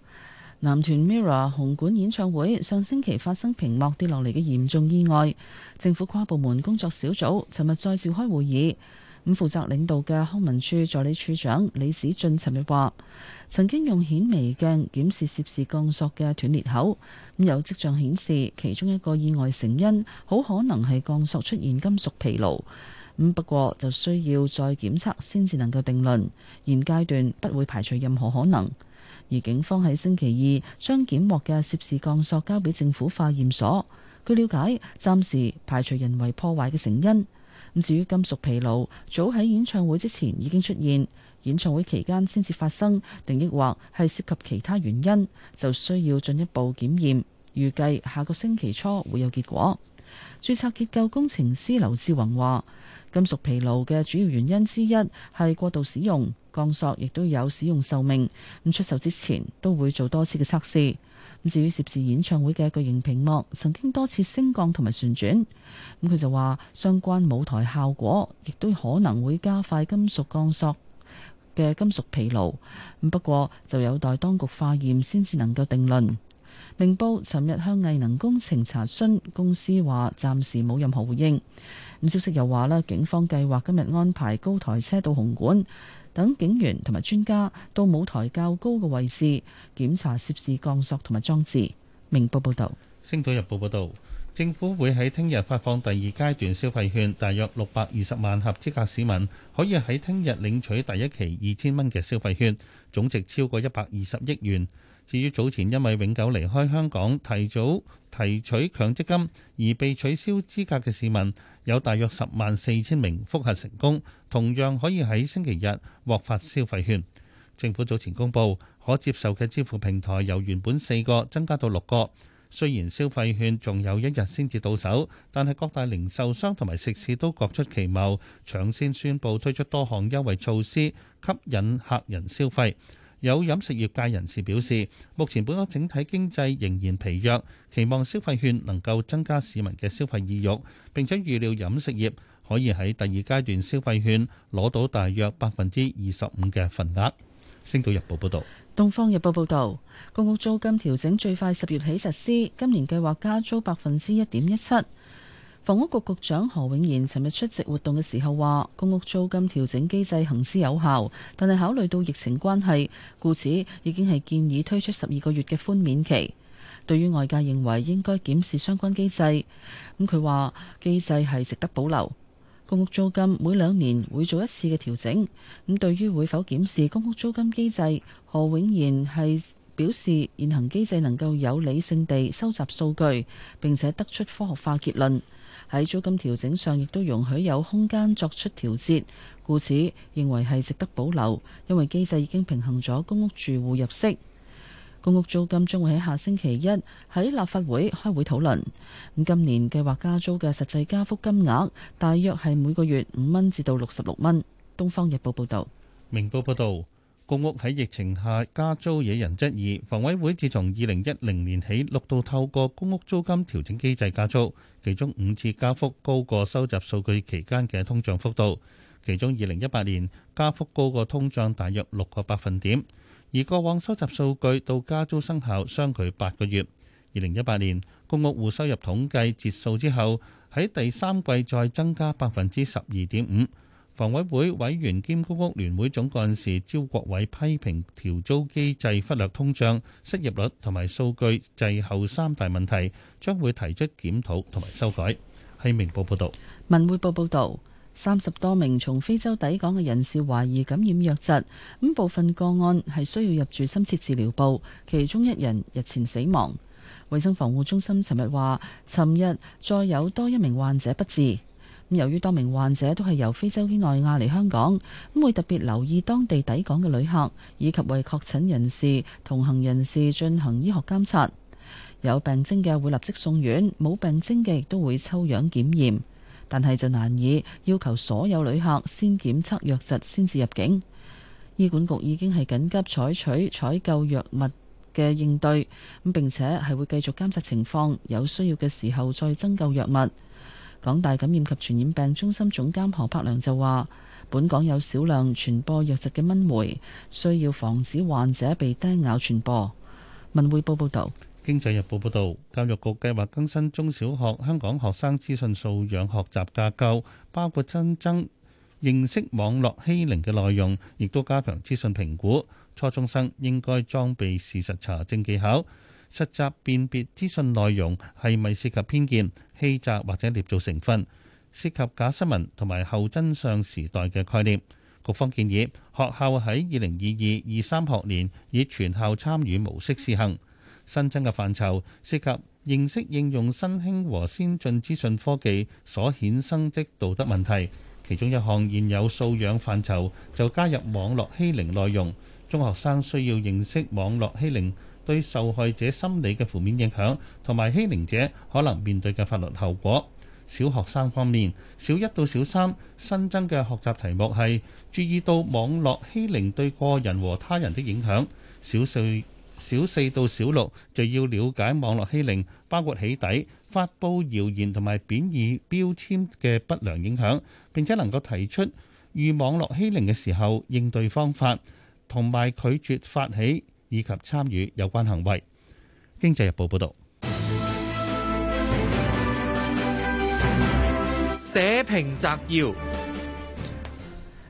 男團 Mirror 紅館演唱會上星期發生屏幕跌落嚟嘅嚴重意外，政府跨部門工作小組尋日再召開會議。咁負責領導嘅康文署助理署長李子俊尋日話，曾經用顯微鏡檢視涉事鋼索嘅斷裂口，咁有跡象顯示其中一個意外成因，好可能係鋼索出現金屬疲勞。咁不過就需要再檢測先至能夠定論，現階段不會排除任何可能。而警方喺星期二將檢獲嘅涉事鋼索交俾政府化驗所，據了解，暫時排除人為破壞嘅成因。咁至於金屬疲勞，早喺演唱會之前已經出現，演唱會期間先至發生，定抑或係涉及其他原因，就需要進一步檢驗。預計下個星期初會有結果。註冊結構工程師劉志宏話，金屬疲勞嘅主要原因之一係過度使用，鋼索亦都有使用壽命。咁出售之前都會做多次嘅測試。至於涉事演唱會嘅巨型屏幕，曾經多次升降同埋旋轉，咁佢就話相關舞台效果亦都可能會加快金屬鋼索嘅金屬疲勞，不過就有待當局化驗先至能夠定論。明報尋日向藝能工程查詢，公司話暫時冇任何回應。咁消息又話咧，警方計劃今日安排高台車到紅館。等警員同埋專家到舞台較高嘅位置檢查涉事鋼索同埋裝置。明報報道，星島日報報道，政府會喺聽日發放第二階段消費券，大約六百二十萬合資格市民可以喺聽日領取第一期二千蚊嘅消費券，總值超過一百二十億元。至於早前因為永久離開香港、提早提取強積金而被取消資格嘅市民，有大約十萬四千名複核成功，同樣可以喺星期日獲發消費券。政府早前公布可接受嘅支付平台由原本四個增加到六個。雖然消費券仲有一日先至到手，但係各大零售商同埋食肆都各出奇謀，搶先宣布推出多項優惠措施，吸引客人消費。有飲食業界人士表示，目前本港整體經濟仍然疲弱，期望消費券能夠增加市民嘅消費意欲。並且預料飲食業可以喺第二階段消費券攞到大約百分之二十五嘅份額。星島日報報道。東方日報報道，公屋租金調整最快十月起實施，今年計劃加租百分之一點一七。房屋局局長何永賢尋日出席活動嘅時候話，公屋租金調整機制行之有效，但係考慮到疫情關係，故此已經係建議推出十二個月嘅寬免期。對於外界認為應該檢視相關機制，咁佢話機制係值得保留。公屋租金每兩年會做一次嘅調整。咁、嗯、對於會否檢視公屋租金機制，何永賢係表示現行機制能夠有理性地收集數據，並且得出科學化結論。喺租金調整上，亦都容許有空間作出調節，故此認為係值得保留，因為機制已經平衡咗公屋住戶入息。公屋租金將會喺下星期一喺立法會開會討論，咁今年計劃加租嘅實際加幅金額大約係每個月五蚊至到六十六蚊。《東方日報》報道，《明報》報道。公屋喺疫情下加租惹人質疑，房委會自從二零一零年起六度透過公屋租金調整機制加租，其中五次加幅高過收集數據期間嘅通脹幅度，其中二零一八年加幅高過通脹大約六個百分點，而過往收集數據到加租生效相距八個月。二零一八年公屋戶收入統計截數之後，喺第三季再增加百分之十二點五。房委會委員兼公屋聯會總幹事招國偉批評調租機制忽略通脹、失業率同埋數據滯後三大問題，將會提出檢討同埋修改。係明報報道、文匯報報道，三十多名從非洲抵港嘅人士懷疑感染瘧疾，咁部分個案係需要入住深切治療部，其中一人日前死亡。衛生防護中心尋日話，尋日再有多一名患者不治。由於多名患者都係由非洲幾內亞嚟香港，咁會特別留意當地抵港嘅旅客，以及為確診人士同行人士進行醫學監察。有病徵嘅會立即送院，冇病徵嘅亦都會抽樣檢驗。但係就難以要求所有旅客先檢測藥物先至入境。醫管局已經係緊急採取採購藥物嘅應對，咁並且係會繼續監察情況，有需要嘅時候再增購藥物。港大感染及傳染病中心總監何柏良就話：本港有少量傳播瘧疾嘅蚊媒，需要防止患者被叮咬傳播。文匯報報道：《經濟日報》報道，教育局計劃更新中小學香港學生資訊素養學習架構，包括新增認識網絡欺凌嘅內容，亦都加強資訊評估。初中生應該裝備事實查證技巧。實習辨別資訊內容係咪涉及偏見、欺詐或者捏造成分，涉及假新聞同埋後真相時代嘅概念。局方建議學校喺二零二二、二三學年以全校參與模式試行。新增嘅範疇，涉及認識應用新興和先進資訊科技所衍生的道德問題。其中一項現有素養範疇就加入網絡欺凌內容，中學生需要認識網絡欺凌。對受害者心理嘅負面影響，同埋欺凌者可能面對嘅法律後果。小學生方面，小一到小三新增嘅學習題目係注意到網絡欺凌對個人和他人的影響。小四小四到小六就要了解網絡欺凌包括起底、發佈謠言同埋貶義標籤嘅不良影響，並且能夠提出遇網絡欺凌嘅時候應對方法，同埋拒絕發起，以及參與有關行為。經濟日報報導，社評摘要：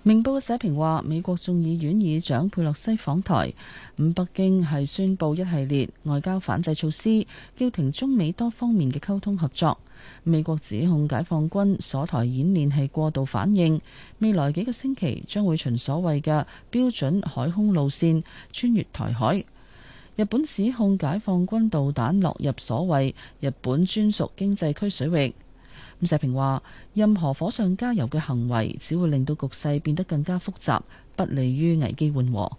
明報社評話，美國眾議院議長佩洛西訪台，咁北京係宣佈一系列外交反制措施，叫停中美多方面嘅溝通合作。美國指控解放軍鎖台演練係過度反應，未來幾個星期將會循所謂嘅標準海空路線穿越台海。日本指控解放軍導彈落入所謂日本專屬經濟區水域。咁社評話，任何火上加油嘅行為只會令到局勢變得更加複雜，不利於危機緩和。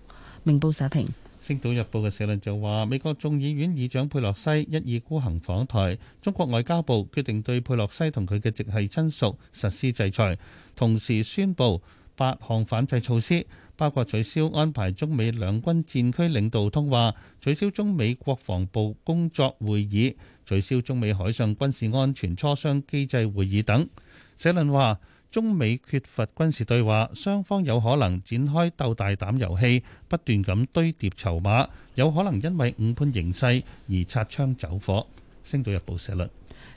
明報社評。《星島日報》嘅社論就話：美國眾議院議長佩洛西一意孤行訪台，中國外交部決定對佩洛西同佢嘅直系親屬實施制裁，同時宣布八項反制措施，包括取消安排中美兩軍戰區領導通話、取消中美國防部工作會議、取消中美海上軍事安全磋商機制會議等。社論話。中美缺乏軍事對話，雙方有可能展開鬥大膽遊戲，不斷咁堆疊籌碼，有可能因為誤判形勢而擦槍走火。星島日報社論，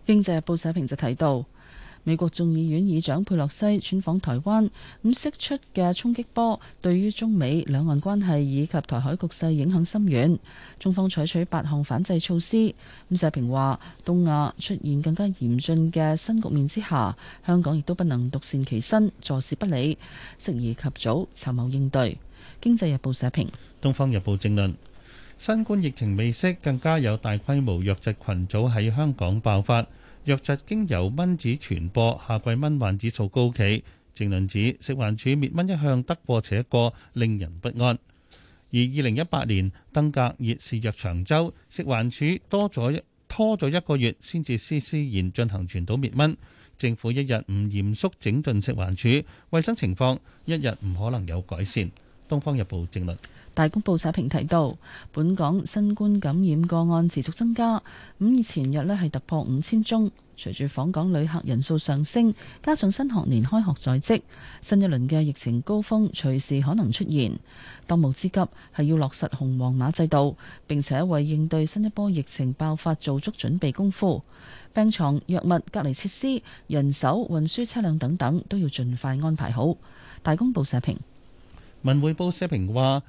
經濟日報社評就提到。美國眾議院議長佩洛西竄訪台灣，咁釋出嘅衝擊波對於中美兩岸關係以及台海局勢影響深遠。中方採取八項反制措施。咁社評話：東亞出現更加嚴峻嘅新局面之下，香港亦都不能獨善其身，坐視不理，適宜及早籌謀應對。經濟日報社評，東方日報政論：新冠疫情未息，更加有大規模弱勢群組喺香港爆發。瘧疾經由蚊子傳播，夏季蚊患指數高企。正論指食環署滅蚊一向得過且過，令人不安。而二零一八年登革熱肆虐長洲，食環署多咗拖咗一個月先至施施然進行全島滅蚊。政府一日唔嚴肅整頓食環署，衛生情況一日唔可能有改善。東方日報正論。大公報社評提到，本港新冠感染個案持續增加，五月前日呢係突破五千宗。隨住訪港旅客人數上升，加上新學年開學在即，新一輪嘅疫情高峰隨時可能出現。當務之急係要落實紅黃碼制度，並且為應對新一波疫情爆發做足準備功夫。病床、藥物、隔離設施、人手、運輸車輛等等都要盡快安排好。大公報社評，文匯報社評話。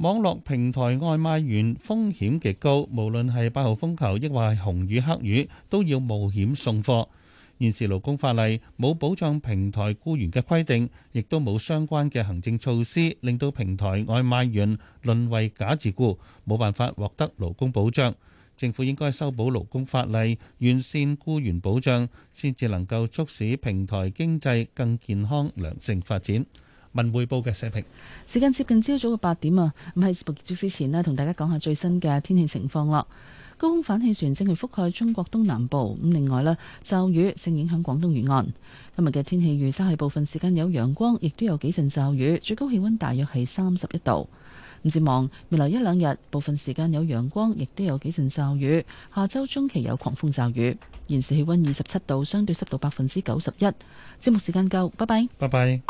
網絡平台外賣員風險極高，無論係八號風球，抑或係紅雨黑雨，都要冒險送貨。現時勞工法例冇保障平台雇員嘅規定，亦都冇相關嘅行政措施，令到平台外賣員淪為假自雇，冇辦法獲得勞工保障。政府應該修補勞工法例，完善雇員保障，先至能夠促使平台經濟更健康良性發展。文匯報嘅社評，時間接近朝早嘅八點啊，咁喺節目結束之前呢，同大家講下最新嘅天氣情況啦。高空反氣旋正係覆蓋中國東南部，咁另外呢，驟雨正影響廣東沿岸。今日嘅天氣預測係部分時間有陽光，亦都有幾陣驟雨，最高氣溫大約係三十一度。唔少望未來一兩日部分時間有陽光，亦都有幾陣驟雨。下週中期有狂風驟雨。現時氣溫二十七度，相對濕度百分之九十一。節目時間夠，拜拜，拜拜。